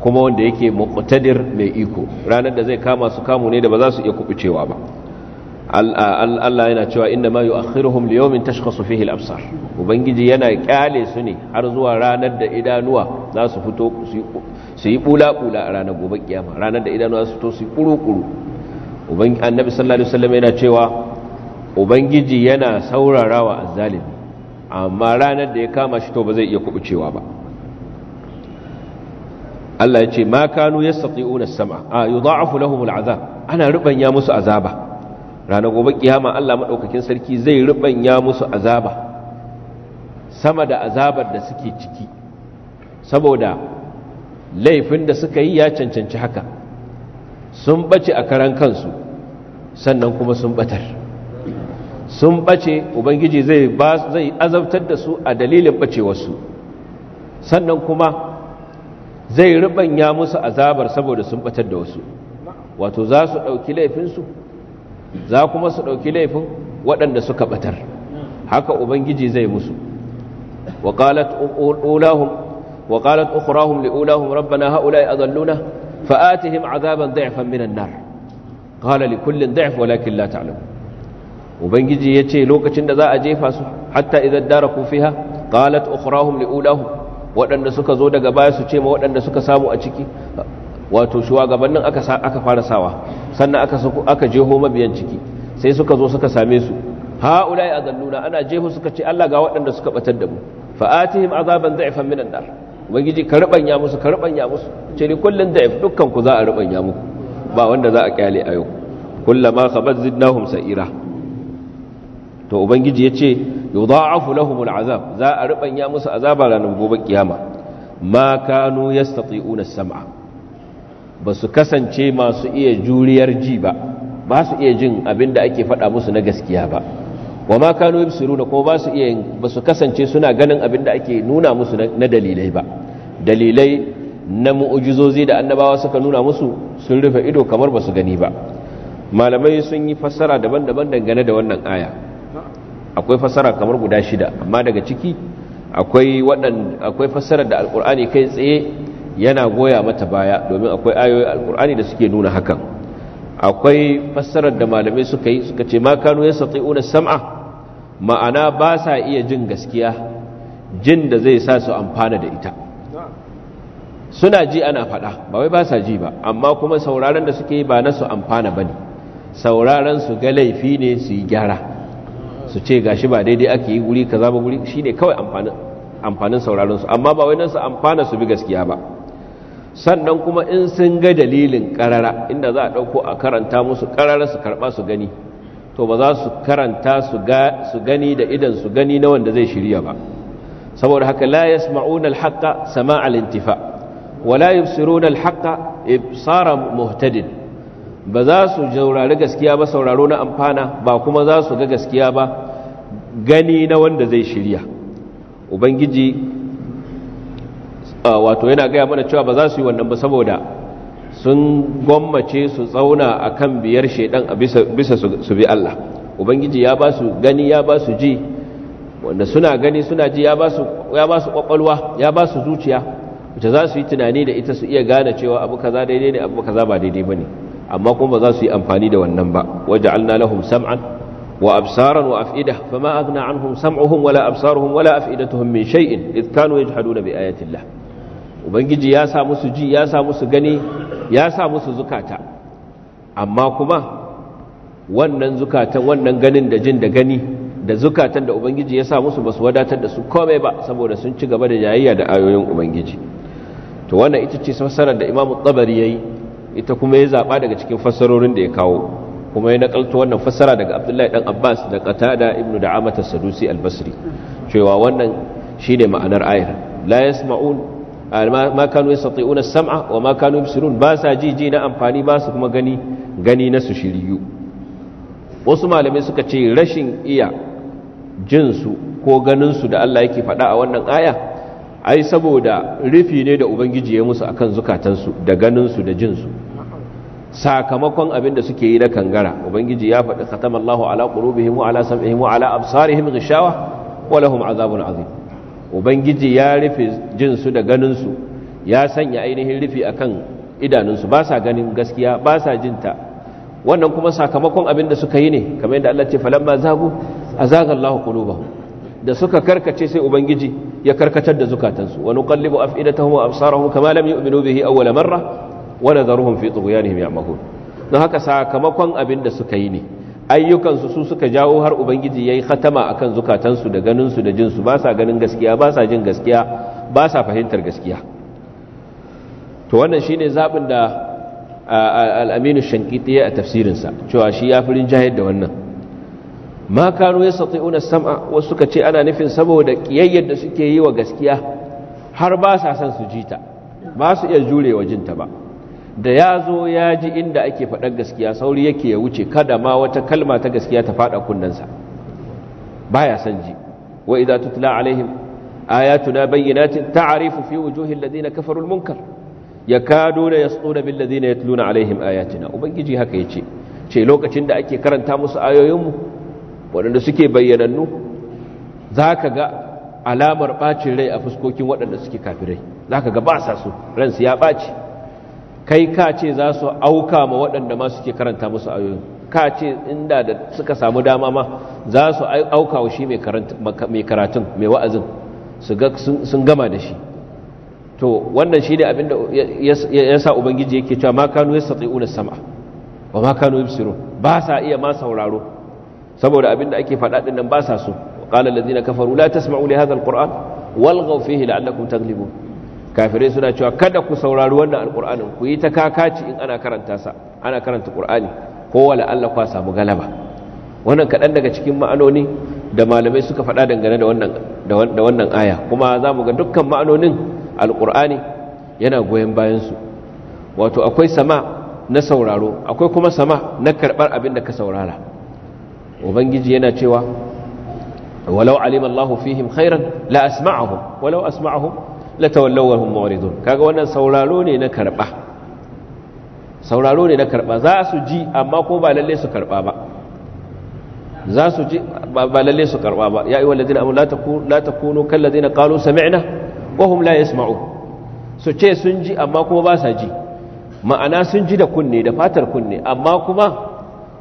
kuma wanda yake muqtadir mai iko ranar da zai kama su kamu ne da ba za su iya kubucewa ba Allah yana cewa inda ma yu'akhiruhum liyawmin tashkhasu fihi al-absar ubangiji yana kyale su ne har zuwa ranar da idanuwa za su fito su yi kula bula a ranar gobe kiyama ranar da idanuwa su fito su yi kuru kuru ubangiji annabi sallallahu alaihi wasallam yana cewa ubangiji yana saurarawa azzalimi amma ranar da ya kama shi to ba zai iya kubucewa ba Allah ya ce ma kanu yastati'una as-sam'a yudha'afu lahum al-'adhab ana rubanya musu azaba ranar gobe kiyama Allah maɗaukakin sarki zai rubanya musu azaba sama da azabar da suke ciki saboda laifin da suka yi ya cancanci haka sun bace a karan kansu sannan kuma sun batar sun bace ubangiji zai azabtar da su a dalilin wasu sannan kuma zai rubanya musu azabar saboda sun batar da wasu wato za su ɗauki laifinsu za kuma su ɗauki laifin waɗanda suka ɓatar haka ubangiji zai musu وقالت أخراهم لأولاهم ربنا هؤلاء أضلونا فآتهم عذابا ضعفا من النار قال لكل ضعف ولكن لا Ubangiji ya ce lokacin da za a jefa su hatta idan daraku fiha qalat ukhrahum liulahum Waɗanda suka zo daga baya su ce ma wadanda suka samu a ciki wato shugabannin aka aka fara sawa sannan aka aka jeho mabiyan ciki sai suka zo suka same su Ha haulai azalluna ana jeho suka ce Allah ga waɗanda suka batar da mu fa atihim azaban da'ifan minan nar ubangiji ka rubanya musu ka rubanya musu ce ni kullun da'if dukkan ku za a rubanya muku ba wanda za a kyale a yau kullama khabat zidnahum sa'ira to ubangiji yace yudha'afu lahumul azab za a rubanya musu azaba ranar gobe kiyama ma kanu yastati'una sam'a ba su kasance masu iya juriyar ji ba ba su iya jin abin da ake faɗa musu na gaskiya ba wa ma yi suruna ko ba su iya ba su kasance suna ganin abin da ake nuna musu na dalilai ba dalilai na mu'ujizozi da annabawa suka nuna musu sun rufe ido kamar ba su gani ba malamai sun yi fassara daban-daban dangane da wannan aya akwai fassara kamar guda shida amma daga ciki akwai waɗanda da alkur'ani kai tsaye yana goya mata baya domin akwai ayoyi alkur'ani da suke nuna hakan akwai fassarar da malamai suka yi suka ce ma kanu una sam'a ma'ana ba sa iya jin gaskiya jin da zai sa su amfana da ita suna ji ana faɗa ba wai ba sa ji ba amma kuma sauraron da suke yi ba na su amfana ba ne sauraron su ga laifi ne su yi gyara su ce gashi ba daidai ake yi guri kaza ba guri ne kawai amfanin sauraron su amma ba wai nan su amfana su bi gaskiya ba sannan kuma in sun ga dalilin karara inda za a ɗauko a karanta musu karara su karɓa su gani to ba za su karanta su gani da idan su gani na wanda zai shirya ba saboda haka la yasma'una al-haqqa sama'al intifa wa la yubsiruna al ibsara muhtadin ba za su jaurari gaskiya ba sauraro na amfana ba kuma za su ga gaskiya ba gani na wanda zai shirya ubangiji wato yana gaya mana cewa ba za su yi wannan ba saboda sun gwammace su tsauna a kan biyar shaidan a bisa su bi Allah ubangiji ya ba su gani ya ba su ji wanda suna gani suna ji ya ba su kwakwalwa ya ba su zuciya wacce za su yi tunani da ita su iya gane cewa abu kaza daidai ne abu kaza ba daidai ba ne amma kuma ba za su yi amfani da wannan ba waje alna lahum sam'an wa absaran wa af'ida fama aghna anhum sam'uhum wala absaruhum wala af'idatuhum min shay'in id kanu yajhaduna bi ayatillah ubangiji ya sa musu ji ya sa musu gani ya sa musu zukata amma kuma wannan zukatan wannan ganin da jin da gani da zukatan da ubangiji ya sa musu basu wadatar da su komai ba saboda sun ci gaba da jayayya da ayoyin ubangiji to wannan ita ce fassarar da imamu ya yi ita kuma ya zaɓa daga cikin fassarorin da ya kawo kuma ya nakalto wannan fassara daga abdullahi dan abbas da qatada ibnu da'amata sadusi al-basri cewa wannan shine ma'anar ayar la yasma'un Ah, ma kanu yastati'una sam'a wa ma kanu yubsirun ba sa ji na amfani ba su kuma gani gani na su shiriyu wasu malamai suka ce rashin iya jin su ko ganin su da Allah yake faɗa a wannan aya ai saboda rufi ne da ubangiji ya musu akan zukatansu da ganin su da jin su sakamakon abin da suke yi na kangara ubangiji ya faɗi khatamallahu ala qulubihim wa ala sam'ihim wa ala absarihim ghishawa wa lahum azabun azim ubangiji ya rufe jinsu da ganinsu ya sanya ainihin rufi kan idanunsu ba sa ganin gaskiya ba sa jinta wannan kuma sakamakon abin da suka yi ne kamar yadda Allah ce falamma zagu azaga Allahu qulubahum da suka karkace sai ubangiji ya karkatar da zukatansu wa nuqallibu afidatahum wa absarahum kama lam yu'minu bihi awwala marra wa nadharuhum fi tughyanihim ya'mahun don haka sakamakon abin da suka yi ne ayyukansu su suka jawo har ubangiji ya yi khatama a kan zukatansu da ganinsu da jinsu ba sa ganin gaskiya ba sa jin gaskiya ba sa fahimtar gaskiya to wannan shi ne zaɓin da al'aminu shankiti ya a tafsirinsa cewa shi ya firin jahid da wannan ma kanu ya una sama wasu suka ce ana nufin saboda ƙiyayyar da suke yi wa gaskiya har ba sa son su jita ba su iya jurewa jinta ba da ya zo ya ji inda ake faɗar gaskiya sauri yake ya wuce kada ma wata kalma ta gaskiya ta faɗa kunnensa ya san ji wa idza tutla alaihim ayatuna bayyinatin ta'rifu fi wujuhi alladhina kafaru almunkar yakaduna yasquna bil ladina yatluna alaihim ayatina ubangiji haka yace ce lokacin da ake karanta musu ayoyin mu waɗanda suke bayyanannu zaka ga alamar bacin rai a fuskokin waɗanda suke kafirai zaka ga ba sa su ransu ya baci kai ka ce za su auka ma waɗanda ma suke karanta musu ayoyin ka ce inda da suka samu dama ma za su auka wa shi mai karatun mai wa'azin sun gama da shi to wannan shi ne abinda ya sa ubangiji yake cewa ma kanu ya satsi unar sama wa ma kanu yabsiru ba sa iya ma sauraro saboda abinda ake faɗa ɗin nan ba sa so qala allazina kafaru la tasma'u li hadha alquran walghaw fihi la'allakum taglibun kafirai suna cewa kada ku saurari wannan alqur'anin ku yi ta kakaci in ana karanta sa ana karanta qur'ani ko wala Allah kwa samu galaba wannan kadan daga cikin ma'anoni da malamai suka faɗa dangane da wannan da wannan aya kuma zamu ga dukkan ma'anonin alkur'ani yana goyen bayan su wato akwai sama na sauraro akwai kuma sama na karbar abin da ka saurara ubangiji yana cewa walau alima Allahu fihim khairan la asma'ahum walau asma'ahum la tawallaw wa hum muridun kaga wannan sauraro ne na karba sauraro ne na karba za su ji amma ko ba lalle su karba ba za su ji ba lalle su karba ba ya ayyuhal ladina amanu la ta la takunu kal ladina qalu sami'na wa hum la yasma'u su ce sun ji amma kuma ba sa ji ma'ana sun ji da kunne da fatar kunne amma kuma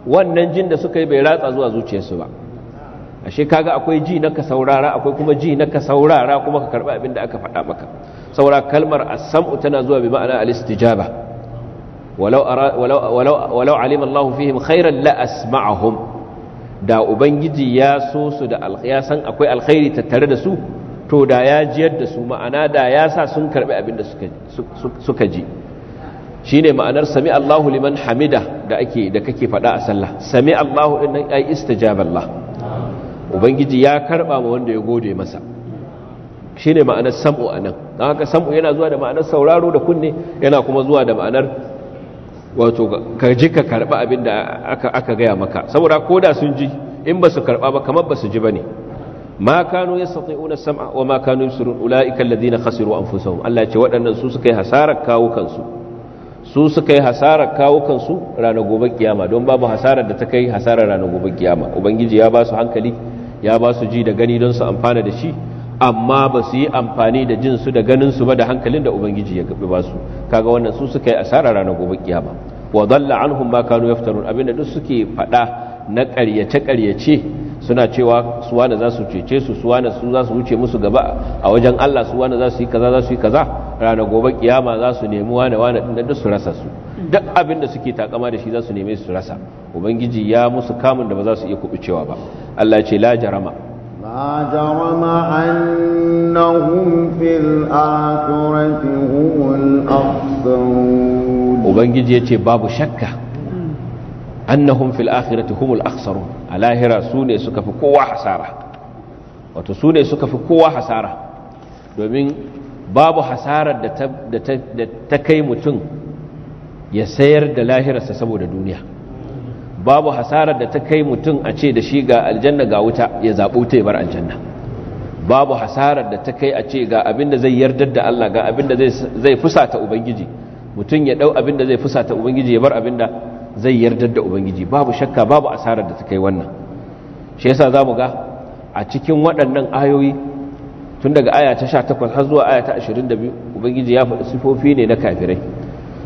wannan jin da suka yi bai ratsa zuwa zuciyarsu ba ashe kaga akwai ji na ka saurara akwai kuma ji na ka saurara kuma ka karba abin da aka faɗa maka saura kalmar as tana zuwa bi ma'ana al-istijaba walau walau walau fihim khairan la asma'ahum da ubangiji ya so su da ya san akwai alkhairi tattare da su to da ya jiyar da su ma'ana da ya sa sun karɓi abin da suka ji shine ma'anar sami Allahu liman hamida da ake da kake faɗa a sallah sami Allahu din nan ai istijaballah ubangiji ya karba ma wanda ya gode masa shi ne ma'anar sam'u a nan don haka sam'u yana zuwa da ma'anar sauraro da kunne yana kuma zuwa da ma'anar wato ka ji ka karba abin da aka gaya maka saboda ko da sun ji in ba su karba ba kamar ba su ji ba ne ma kano ya una sam'a wa ma kanu yusirun ula'ika alladhina khasiru anfusahum Allah ce waɗannan su suka yi hasarar kawo su suka yi hasarar kawo kansu ranar gobe kiyama don babu hasarar da ta kai hasarar ranar gobe kiyama ubangiji ya ba su hankali ya ba su ji da gani don su amfana da shi amma ba su yi amfani da jin su da ganin su ba da hankalin da ubangiji ya gabe ba su kaga wannan su suka yi asara ranar gobe kiyama wa dalla anhum ma kanu yaftarun abinda duk suke faɗa na ƙaryace ƙaryace suna cewa suwa da za su cece su suwa da su za su wuce musu gaba a wajen Allah suwa da za su yi kaza za su yi kaza rana gobe kiyama za su nemi wane wane din da su rasa su duk abin da suke takama da shi za su neme su rasa ubangiji ya musu kamun da ba za su iya cewa ba Allah ce la jarama la jarama annahum fil akhirati humul akhsarun ubangiji yace babu shakka annahum fil akhirati humul akhsarun a lahira sune suka fi kowa hasara wato sune suka fi kowa hasara domin babu hasarar da ta kai mutum ya sayar da lahirarsa saboda duniya babu hasarar da ta kai mutum a ce da shi ga aljanna ga wuta ya zaɓo ta bar aljanna babu hasarar da ta kai a ce ga abinda zai yardar da Allah ga abinda zai fusata ubangiji mutum ya dau abinda zai fusata ubangiji ya bar abinda. da zai yardar da ubangiji babu shakka babu asarar da ta kai wannan shi yasa za mu ga a cikin waɗannan ayoyi tun daga aya ta sha takwas har zuwa aya ta ashirin da biyu ubangiji ya faɗi sifofi ne na kafirai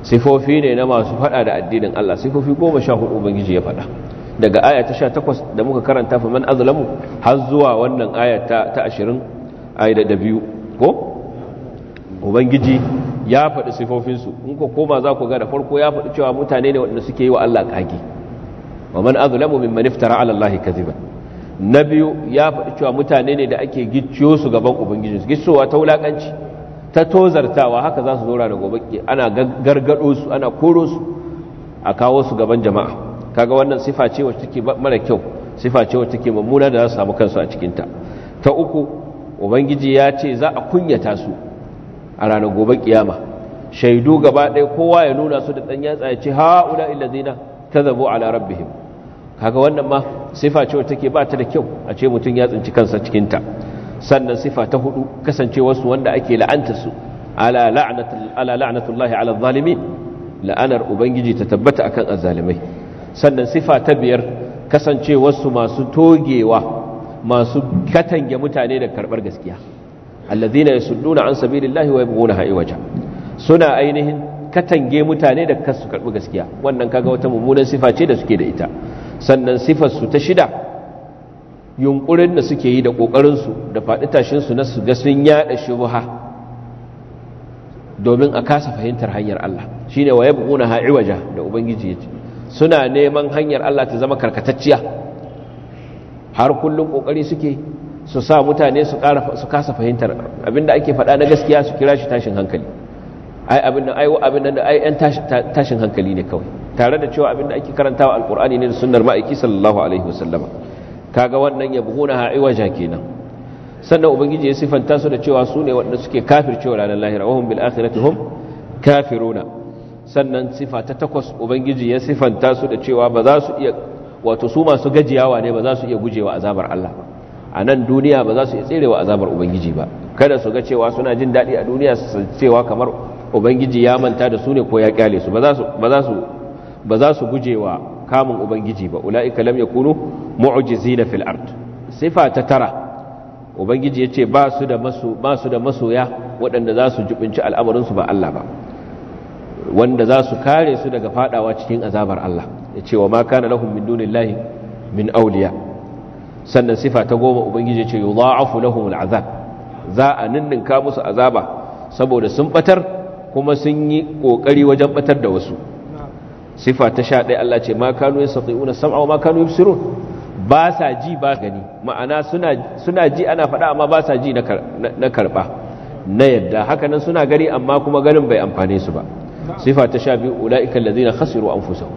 sifofi ne na masu faɗa da addinin allah sifofi goma sha hudu ubangiji ya faɗa daga aya ta sha takwas da muka karanta fa man azlamu har zuwa wannan aya ta ashirin ai da biyu ko ubangiji ya faɗi sifofinsu in ku koma za ku ga da farko ya faɗi cewa mutane ne waɗanda suke yi wa Allah kage wa man azlamu mimman iftara ala Allah kadhiban na biyu ya faɗi cewa mutane ne da ake gicciyo su gaban ubangiji gicciyowa ta wulakanci ta tozartawa haka za su zo ranar gobe ana gargado su ana koro su a kawo su gaban jama'a kaga wannan sifa ce wacce take mara kyau sifa ce wacce take mummuna da za su samu kansu a cikin ta ta uku ubangiji ya ce za a kunyata su a ranar gobe kiyama shaidu gaba ɗaya kowa ya nuna su da ɗan yatsa ya ce ha'ula illazina zabo ala rabbihim kaga wannan ma sifa ce take ba ta da kyau a ce mutum ya tsinci kansa cikin ta sannan sifa ta hudu kasance wanda ake la'anta su ala la'natul ala la'natullahi ala zalimin la'anar ubangiji ta tabbata akan azzalimai sannan sifa ta biyar kasance wasu masu togewa masu katange mutane da karbar gaskiya alladhina yasudduna an sabilillahi wa yabghunaha iwaja suna ainihin katange mutane da kasu karbi gaskiya wannan kaga wata mummunan sifa ce da suke da ita sannan sifar su ta shida yunkurin da suke yi da kokarin su da fadi tashin su na su ga sun yada shubha domin a kasa fahimtar hanyar Allah shine wa yabghunaha iwaja da ubangiji yace suna neman hanyar Allah ta zama karkatacciya har kullum kokari suke su sa mutane su kasa fahimtar abinda ake faɗa na gaskiya su kira shi tashin hankali ai abin nan ai abin ai yan tashin hankali ne kawai tare da cewa abin da ake karantawa alkur'ani ne da sunnar ma'aiki sallallahu alaihi wasallama kaga wannan ya buhuna ha iwaja kenan sannan ubangiji ya sifanta su da cewa su ne waɗanda suke kafircewa ranar lahira wahum bil akhirati hum kafiruna sannan sifa ta takwas ubangiji ya sifanta su da cewa ba za su iya wato su masu gajiyawa ne ba za su iya gujewa azabar Allah ba a nan duniya ba za su yi tserewa azabar ubangiji ba kada su ga cewa suna jin daɗi a duniya su cewa kamar ubangiji ya manta da su ne ko ya kyale su ba za su guje wa kamun ubangiji ba ula'ika lam kunu mu'jizina fil ard sifa ta tara ubangiji yace ce da ba su da masoya waɗanda za su jubinci al'amarin ba Allah ba wanda za su kare su daga fadawa cikin azabar Allah ce wa ma kana lahum min dunillahi min awliya sannan sifa ta goma ubangiji ce yudha'afu lahum al'azab za a ninninka musu azaba saboda sun batar kuma sun yi kokari wajen batar da wasu sifa ta sha ɗaya Allah ce ma kanu yastati'una sam'a wa ma kanu yubsirun ba sa ji ba gani ma'ana suna ji ana faɗa amma ba sa ji na karɓa na yadda hakanan suna gari amma kuma ganin bai amfane su ba sifa ta sha biyu ula'ikan lazina khasiru anfusahum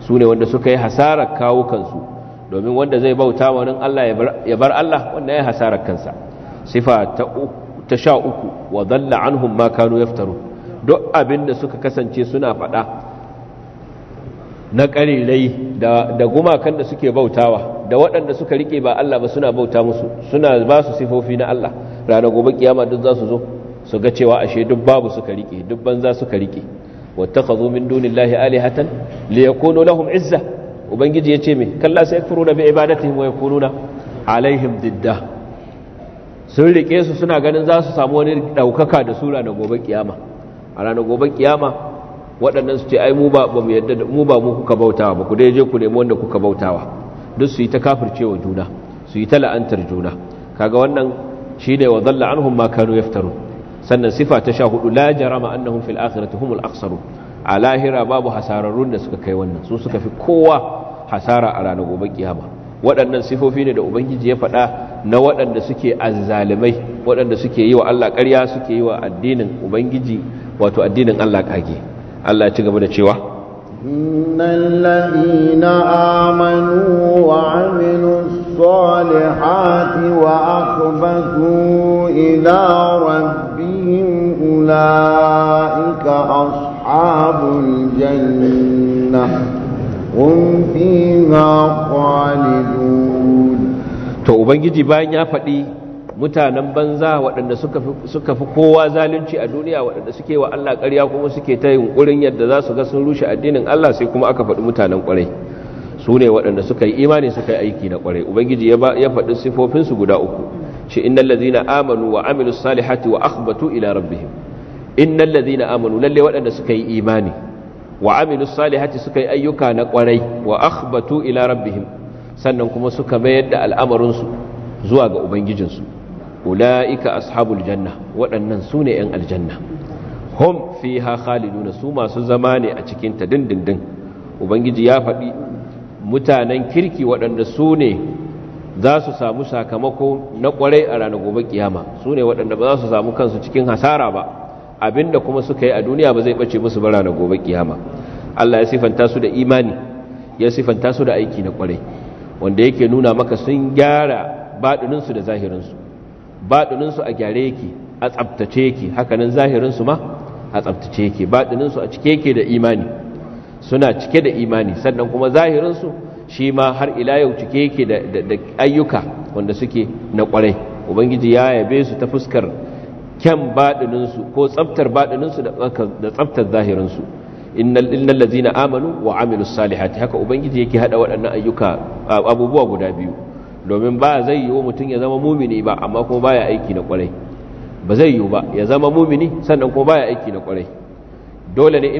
su ne wanda suka yi hasara kawo kansu domin wanda zai bauta wani Allah ya bar Allah wanda ya hasarar kansa sifa ta sha uku wa dalla anhum ma kanu yaftaru duk abin da suka kasance suna faɗa na da gumakan da suke bautawa da waɗanda suka rike ba Allah ba suna bauta musu suna ba su sifofi na Allah ranar gobe kiyama duk za su zo su ga cewa ashe duk babu suka rike duk banza suka rike wattakhadhu min dunillahi alihatan liyakunu lahum izzah ubangiji ya ce mai kalla sai furu da bai ibadatihim wa yakununa alaihim didda sun rike su suna ganin za su samu wani daukaka da sura na gobe kiyama a ranar gobe kiyama waɗannan su ce ai mu ba mu yadda mu ba mu kuka bautawa ba ku dai je ku nemi wanda kuka bautawa duk su yi ta kafircewa juna su yi ta la'antar juna kaga wannan shine wa dhalla anhum ma kanu yaftarun sannan sifa ta sha hudu la jarama annahum fil akhirati humul aksaru!' a lahira babu hasararrun da suka kai wannan su suka fi kowa hasara a ranar gobe kiyama waɗannan sifofi ne da ubangiji ya faɗa na waɗanda suke azzalimai waɗanda suke yi wa Allah ƙarya suke yi wa addinin ubangiji wato addinin Allah kage Allah ya ci gaba da cewa innal ladina amanu wa amilus salihati wa aqbatu ila rabbihim ulaika as أصحاب الجنة هم فيها خالدون to ubangiji bayan ya faɗi mutanen banza waɗanda suka fi kowa zalunci a duniya waɗanda suke wa Allah ƙarya kuma suke ta yunƙurin yadda za su ga sun rushe addinin Allah sai kuma aka faɗi mutanen ƙwarai su ne waɗanda suka yi imani suka yi aiki na ƙwarai ubangiji ya faɗi sifofinsu guda uku shi inda ladzina amanu wa amilu salihati wa akhbatu ila rabbihim innal ladhina amanu lalle waɗanda suka yi imani wa amilus salihati suka yi ayyuka na kwarai wa akhbatu ila rabbihim sannan kuma suka mayar da al'amarin su zuwa ga ubangijin su ulaika ashabul janna waɗannan su ne yan aljanna hum fiha khaliduna su masu zama ne a cikin ta dindindin ubangiji ya faɗi mutanen kirki waɗanda su ne za su samu sakamako na kwarai a ranar gobe kiyama su ne waɗanda ba za su samu kansu cikin hasara ba abinda kuma suka yi a duniya ba zai bace musu ba na gobe kiyama Allah ya sifanta su da imani ya sifanta su da aiki na kwarai wanda yake nuna maka sun gyara baɗinin su da zahirin su baɗinin su a gyare yake a tsaftace yake hakanan zahirin su ma a tsaftace yake baɗinin su a cike yake da imani suna cike da imani sannan kuma zahirin su shi ma har ila yau cike yake da ayyuka wanda suke na kwarai ubangiji ya yabe su ta fuskar kyan baɗininsu ko tsabtar baɗininsu da tsabtar zahirinsu innal lazina amanu wa amilu salihati haka ubangiji yake hada waɗannan ayyuka abubuwa guda biyu domin ba zai yiwu mutum ya zama mumini ba amma kuma baya aiki na kwarai ba zai yiwu ba ya zama mumini sannan kuma baya aiki na kwarai dole ne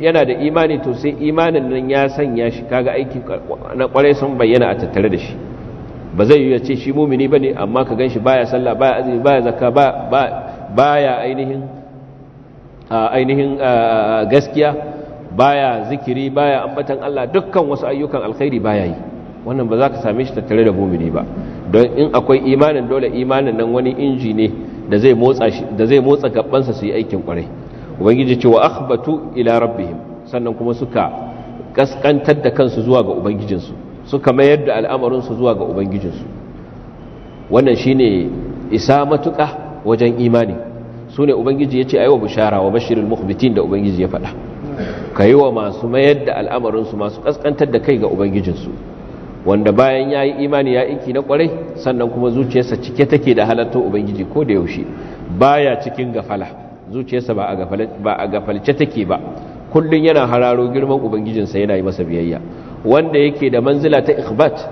yana da imani to sai imanin nan ya sanya shi kaga aiki na kwarai sun bayyana a tattare da shi ba zai yiwu ya ce shi mumini bane amma ka ganshi baya sallah baya azumi baya zakka ba baya ainihin ainihin gaskiya baya zikiri baya ambatan Allah dukkan wasu ayyukan alkhairi baya yi wannan ba za ka same shi tattare da mumini ba don in akwai imanin dole imanin nan wani inji ne da zai motsa da gabansa su yi aikin kwarai ubangiji cewa akhbatu ila rabbihim sannan kuma suka kaskantar da kansu zuwa ga ubangijinsu suka mayar da al'amarinsu zuwa ga ubangijinsu wannan shine isa matuƙa wajen imani su ne ubangiji ya ce a yi wa bishara wa bashirin mukhbitin da ubangiji ya faɗa ka yi wa masu mayar da al'amarinsu masu ƙasƙantar da kai ga ubangijinsu wanda bayan ya yi imani ya iki na kwarai sannan kuma zuciyarsa cike take da halatta ubangiji ko da yaushe baya cikin gafala zuciyarsa ba a gafalce take ba kullum yana hararo girman ubangijinsa yana yi masa biyayya wanda yake da manzila ta ikhbat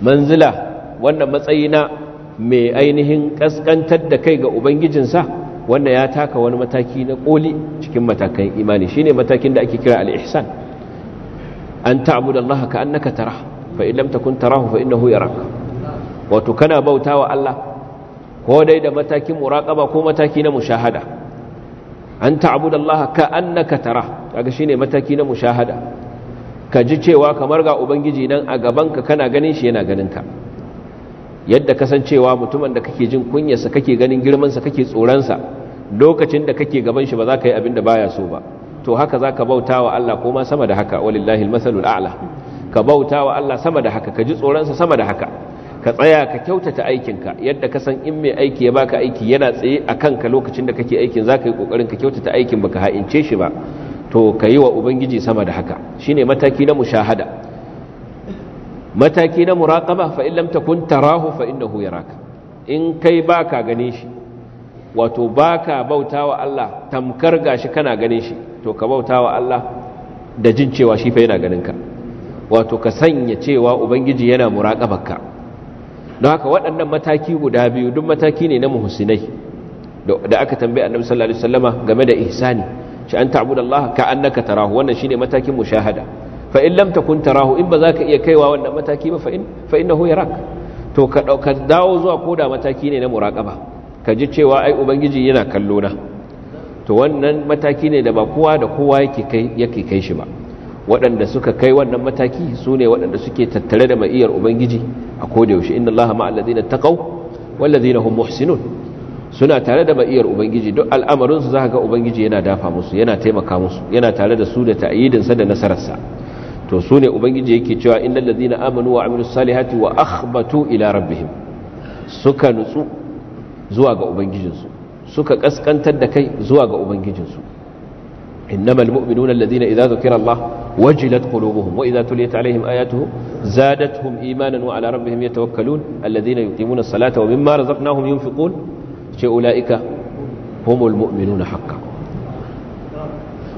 manzila wannan matsayi na mai ainihin kaskantar da kai ga ubangijinsa wanda ya taka wani mataki na koli cikin matakan imani shine matakin da ake kira al-ihsan an ta'budu Allah ka annaka tarah fa in lam takun tarahu fa innahu yaraka wato kana bautawa Allah ko dai da matakin muraqaba ko mataki na mushahada an ta'budu Allah ka annaka tarah kaga shine mataki na mushahada ka ji cewa kamar ga ubangiji nan a gabanka kana ganin shi yana ganin ka yadda kasancewa mutumin da kake jin kunyarsa kake ganin girmansa kake tsoronsa lokacin da kake gaban shi ba za ka yi abin da baya so ba to haka za ka bauta wa Allah ko ma sama da haka walillahi almasalul a'la ka bauta wa Allah sama da haka ka ji tsoronsa sama da haka ka tsaya ka kyautata aikinka yadda ka san in mai aiki ya baka aiki yana tsaye a kanka lokacin da kake aikin za ka yi kokarin ka kyautata aikin baka ha'ince shi ba to ka yi wa ubangiji sama da haka shine mataki na mushahada mataki na muraqaba fa in kun takun tarahu fa innahu yaraka in kai baka ganin shi wato baka bautawa Allah tamkar gashi kana ganin shi to ka bautawa Allah da jin cewa shi fa yana ganin ka wato ka sanya cewa ubangiji yana muraqabarka don haka waɗannan mataki guda biyu duk mataki ne na muhusinai da aka tambaye annabi sallallahu alaihi wasallama game da ihsani shi an ta'budallaha ka annaka tarahu wannan shine matakin mushahada Fa'in in kun tarahu in ba za ka iya kaiwa wannan mataki ba na innahu yarak to ka dawo zuwa koda mataki ne na muraqaba ka ji cewa ai ubangiji yana kallo na to wannan mataki ne da ba kowa da kowa yake kai kai shi ba waɗanda suka kai wannan mataki su ne waɗanda suke tattare da ma'iyar ubangiji a kodayaushe inda allaha ma'al ladina taqaw wal ladina hum muhsinun suna tare da ma'iyar ubangiji duk al'amarinsu za ka ga ubangiji yana dafa musu yana taimaka musu yana tare da su da ta'yidinsa da nasararsa to su ne ubangiji yake cewa innal ladina amanu wa Aminu salihati wa akhbatu ila rabbihim suka nutsu zuwa ga ubangijinsu suka kaskantar da kai zuwa ga ubangijinsu innamal mu'minuna alladhina idza dhukira Allah wajilat qulubuhum wa idza tuliyat alaihim ayatuhu zadatuhum imanan wa ala rabbihim yatawakkalun alladhina yuqimuna as-salata wa mimma razaqnahum yunfiqun ce ulaika humul mu'minuna haqqan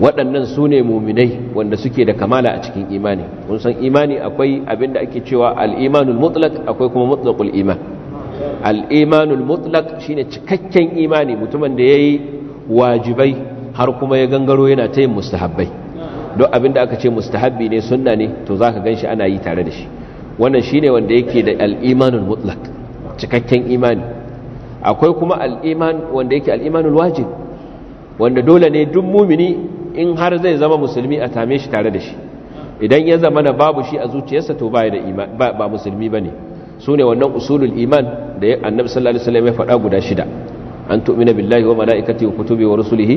waɗannan su ne muminai wanda suke da kamala a cikin imani Kun san imani akwai abin da ake cewa al'imanul mutlak akwai kuma mutlakul iman al'imanul mutlak shine cikakken imani mutumin da ya yi wajibai har kuma ya gangaro yana ta yin mustahabbai don abin da aka ce mustahabbi ne sunna ne to za ka gan shi ana yi tare da shi wannan ne wanda yake da al'imanul mutlak cikakken imani akwai kuma al'iman wanda yake al'imanul wajib wanda dole ne duk mumini in har zai zama musulmi a same shi tare da shi idan ya zama na babu shi a zuciyarsa to ba ba musulmi su ne wannan usulul iman da annabi sallallahu alaihi wasallam ya faɗa guda shida an tu'mina billahi wa malaikatihi wa kutubihi wa rusulihi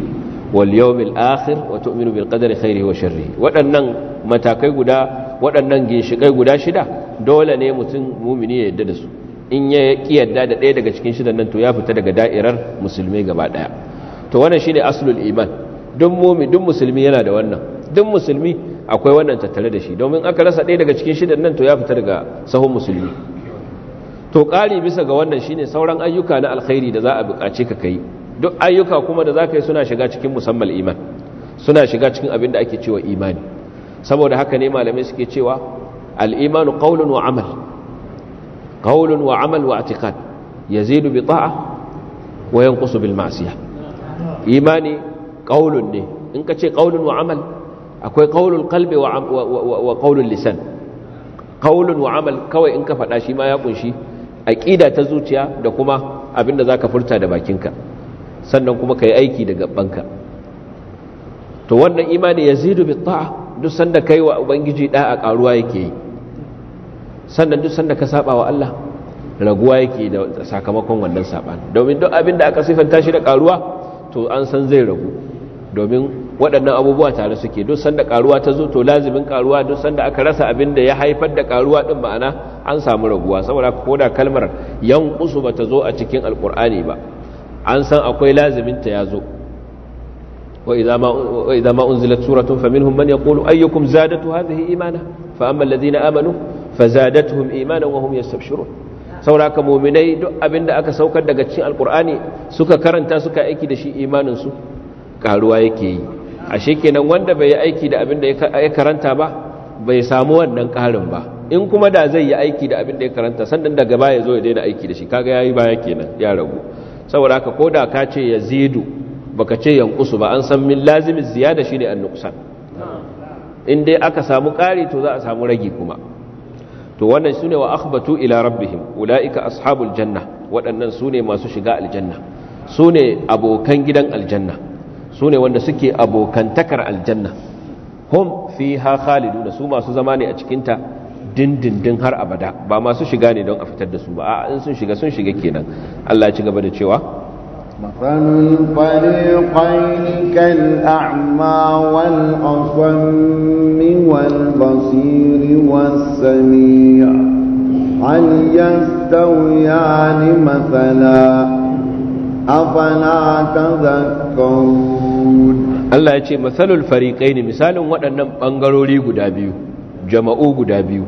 wal yawmil akhir wa tu'minu bil qadari khairihi wa sharrihi waɗannan matakai guda waɗannan ginshikai guda shida dole ne mutum mumini ya yarda da su in ya ki yarda da ɗaya daga cikin shidan nan to ya fita daga da'irar musulmi gaba ɗaya to wannan shine aslul iman duk mumi duk musulmi yana da wannan duk musulmi akwai wannan tattare da shi domin aka rasa ɗaya daga cikin shidan nan to ya fita daga sahun musulmi to ƙari bisa ga wannan shine sauran ayyuka na alkhairi da za a buƙace ka kai duk ayyuka kuma da za ka yi suna shiga cikin musamman iman suna shiga cikin abin da ake cewa imani saboda haka ne malamai suke cewa al'imanu qaulun wa amal qaulun wa amal wa atiqad yazidu bi ta'a wa yanqusu bil imani ƙaulun ne in ka ce ƙaulun wa amal akwai ƙaulun kalbe wa ƙaulun lisan ƙaulun wa amal kawai in ka faɗa shi ma ya ƙunshi ƙida ta zuciya da kuma abin da za ka furta da bakinka sannan kuma ka yi aiki da gabanka to wannan imani ya zidu bi duk sanda ka yi wa ubangiji a ƙaruwa yake yi sannan duk sanda ka saba wa Allah raguwa yake da sakamakon wannan saɓani domin duk abin da aka siffanta shi da ƙaruwa to an san zai ragu domin waɗannan abubuwa tare suke duk sanda karuwa ta zo to lazimin karuwa duk sanda aka rasa abin da ya haifar da karuwa din ma'ana an samu raguwa saboda koda kalmar yanqusu bata zo a cikin alqur'ani ba an san akwai lazimin ta yazo wa idza ma wa idza ma unzilat suratun faminhum man yaqulu ayyukum zadatu hadhihi imana fa amma alladhina amanu fazadatuhum imana wa hum yastabshirun saboda mu'minai duk abin da aka saukar daga cikin alqur'ani suka karanta suka aiki da shi imanin su karuwa yake yi a shekenan wanda bai yi aiki da abin da ya karanta ba bai samu wannan karin ba in kuma da zai yi aiki da abin da ya karanta sannan daga baya zo ya daina aiki da shi kaga yayi baya kenan ya ragu saboda haka ko da ka ce yazidu baka ce yanqusu ba an san min lazimin ziyada shine an nuksan in dai aka samu kari to za a samu ragi kuma to wannan sune wa akhbatu ila rabbihim ulaika ashabul janna waɗannan sune masu shiga aljanna sune abokan gidan aljanna su ne wanda suke abokantakar aljanna hum fiha da su masu zama ne a cikinta dindindin har abada ba masu shiga ne don a fitar da su ba a in sun shiga sun shiga kenan Allah ya ci gaba da cewa مثل الفريقين كالأعمى والأصم والبصير والسميع هل يستويان مثلا أفلا تذكرون Allah ya ce masalul fariƙai ne misalin waɗannan ɓangarori guda biyu jama'u guda biyu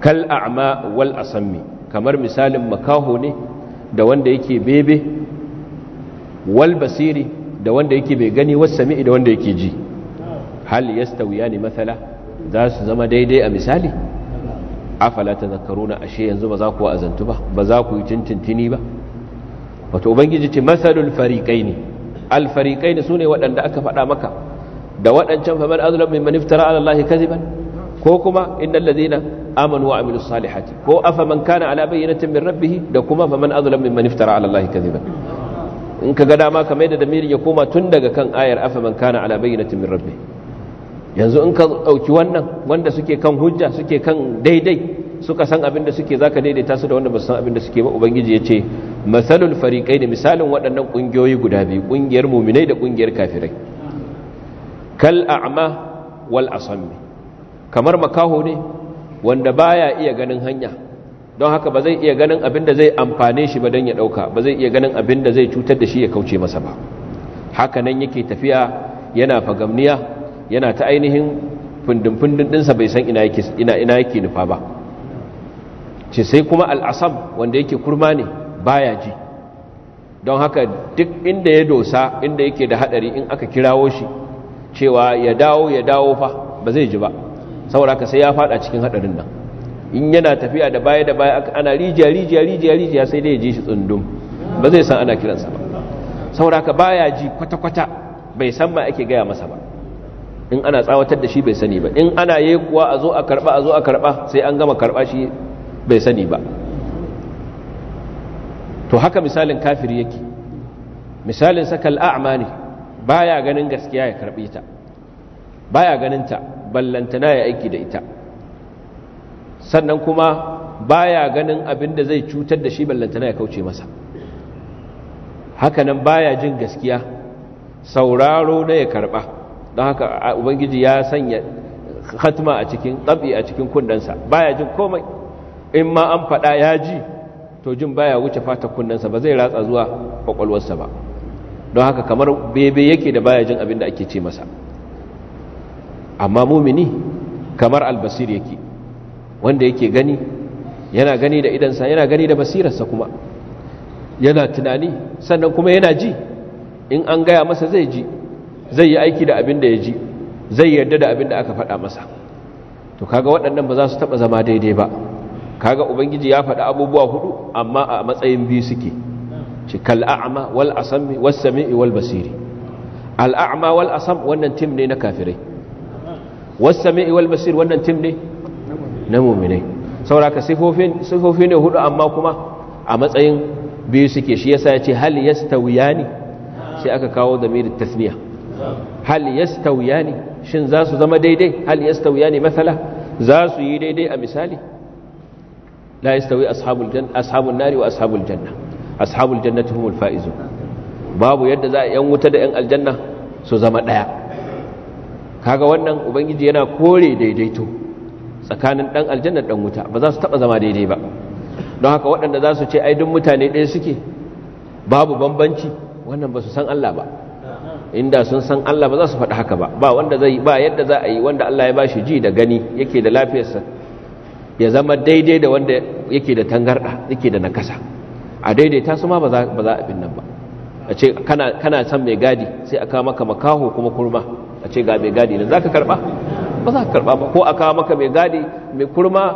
kal a'ma wal asammi kamar misalin makaho ne da wanda yake bebe wal basiri da wanda yake bai gani was sami da wanda yake ji hal yastawiyani mathala za su zama daidai a misali afala tazakkaruna ashe yanzu ba za ku azantu ba ba za ku yi tintintini ba wato ubangiji ce masalul fariqaini alfariƙai da su ne waɗanda aka faɗa maka da waɗancan faman azulam min maniftara ala Allah kaziban ko kuma innal ladina amanu wa amilus salihati ko afa afaman kana ala bayyinatin min rabbih da kuma faman azulam min maniftara ala Allah kaziban in ka ga dama ka maida damirin ya koma tun daga kan ayar afa afaman kana ala bayyinatin min rabbih yanzu in ka ɗauki wannan wanda suke kan hujja suke kan daidai suka san abin da suke zaka daidaita su da wanda ba su san abin da suke ba ubangiji ya ce masalul fariqai da misalin waɗannan ƙungiyoyi guda biyu ƙungiyar muminai da ƙungiyar kafirai kal a'ma wal asammi kamar makaho ne wanda baya iya ganin hanya don haka ba zai iya ganin abin da zai amfane shi ba don ya ɗauka ba zai iya ganin abin da zai cutar da shi ya kauce masa ba haka nan yake tafiya yana fagamniya yana ta ainihin fundin-fundin ɗinsa bai san ina yake nufa ba ce sai kuma al'asam wanda yake kurma ne baya ji don haka duk inda ya dosa inda yake da hadari in aka kirawo shi cewa ya dawo ya dawo fa ba zai ji ba saboda ka sai ya fada cikin hadarin nan in yana tafiya da baya da baya ana rijiya rijiya rijiya rijiya sai dai ya ji shi tsundum ba zai san ana kiransa ba saboda ka baya ji kwata-kwata bai san ma ake gaya masa ba in ana tsawatar da shi bai sani ba in ana yi kuwa a zo a karba a zo a karba sai an gama karba shi bai sani ba to haka misalin kafiri yake misalin sakal a'ma ne baya ganin gaskiya ya karbe ta baya ganin ta ballantana ya aiki da ita sannan kuma baya ganin abin da zai cutar da shi ballantana ya kauce masa Haka nan baya jin gaskiya sauraro na ya karba don haka ubangiji ya sanya khatma a cikin ɗabi a cikin kundansa baya jin komai in ma an faɗa ya ji to jin baya wuce fata kunnensa ba zai ratsa zuwa kwakwalwarsa ba don haka kamar bebe yake da baya jin abin da ake ce masa amma mumini kamar albasir yake wanda yake gani yana gani da idansa yana gani da basirarsa kuma yana tunani sannan kuma yana ji in an gaya masa zai ji zai yi aiki da abin da ya ji zai yarda da abin da aka faɗa masa to kaga waɗannan ba za su taɓa zama daidai ba kaga ubangiji ya faɗi abubuwa hudu amma a matsayin biyu suke ci kal'a'ama wal asami was sami'i wal basiri al'a'ama wal asam wannan tim ne na kafirai was sami'i wal basir wannan tim ne na mu'minai sauraka sifofin sifofi ne hudu amma kuma a matsayin biyu suke shi yasa yace hal yastawiyani sai aka kawo da damir tasniya hal yastawiyani shin za su zama daidai hal yastawiyani matsala? za su yi daidai a misali لا يستوي أصحاب, janna أصحاب النار وأصحاب الجنة أصحاب الجنة هم الفائزون باب babu yadda يوم a yan wuta da yan aljanna su zama kaga wannan ubangiji yana kore daidaito tsakanin dan aljanna dan wuta ba za su taba zama daidai ba don haka waɗanda za su ce ai duk mutane ɗaya suke babu bambanci wannan ba su san Allah ba inda sun san Allah ba za su faɗi haka ba ba wanda zai ba yadda za a yi wanda Allah ya bashi ji da gani yake da lafiyarsa ya zama daidai da wanda yake da tangarda yake da nakasa a daidaita su ma ba za a bin nan ba a ce kana san mai gadi sai a kawo maka makaho kuma kurma a ce ga mai gadi nan za ka karba ba za ka karba ba ko a kawo maka mai gadi mai kurma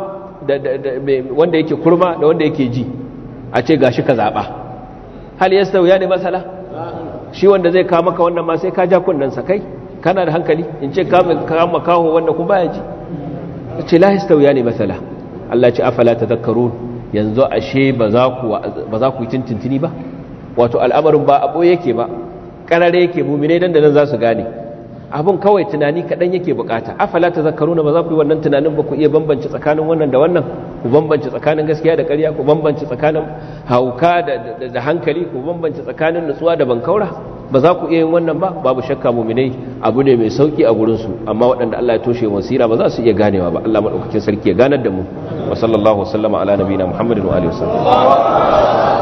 wanda yake kurma da wanda yake ji a ce ga shi ka zaɓa hal ya sauya ne masala shi wanda zai kawo maka wannan ma sai ka ja kunnen sa kai kana da hankali in ce kawo makaho wanda kuma baya ji ce la ya ne masala Allah ce afala tadhakkarun yanzu ashe ba za ku yi ba wato al'amarin ba abo yake ba karare yake mu'mine dan da nan za su gane abun kawai tunani kaɗan yake bukata afala na ba za ku yi wannan tunanin ba ku iya bambance tsakanin wannan da wannan ku bambance tsakanin gaskiya da ƙarya ku bambance tsakanin hauka da hankali ku bambance tsakanin nutsuwa da bankaura ba za ku iya yin wannan ba babu shakka muminai abu ne mai sauki a gurinsu amma waɗanda Allah ya toshe wasira ba za su iya ganewa ba Allah maɗaukakin sarki ya ganar da mu wa sallallahu wasallama ala nabiyina muhammadin wa alihi wasallam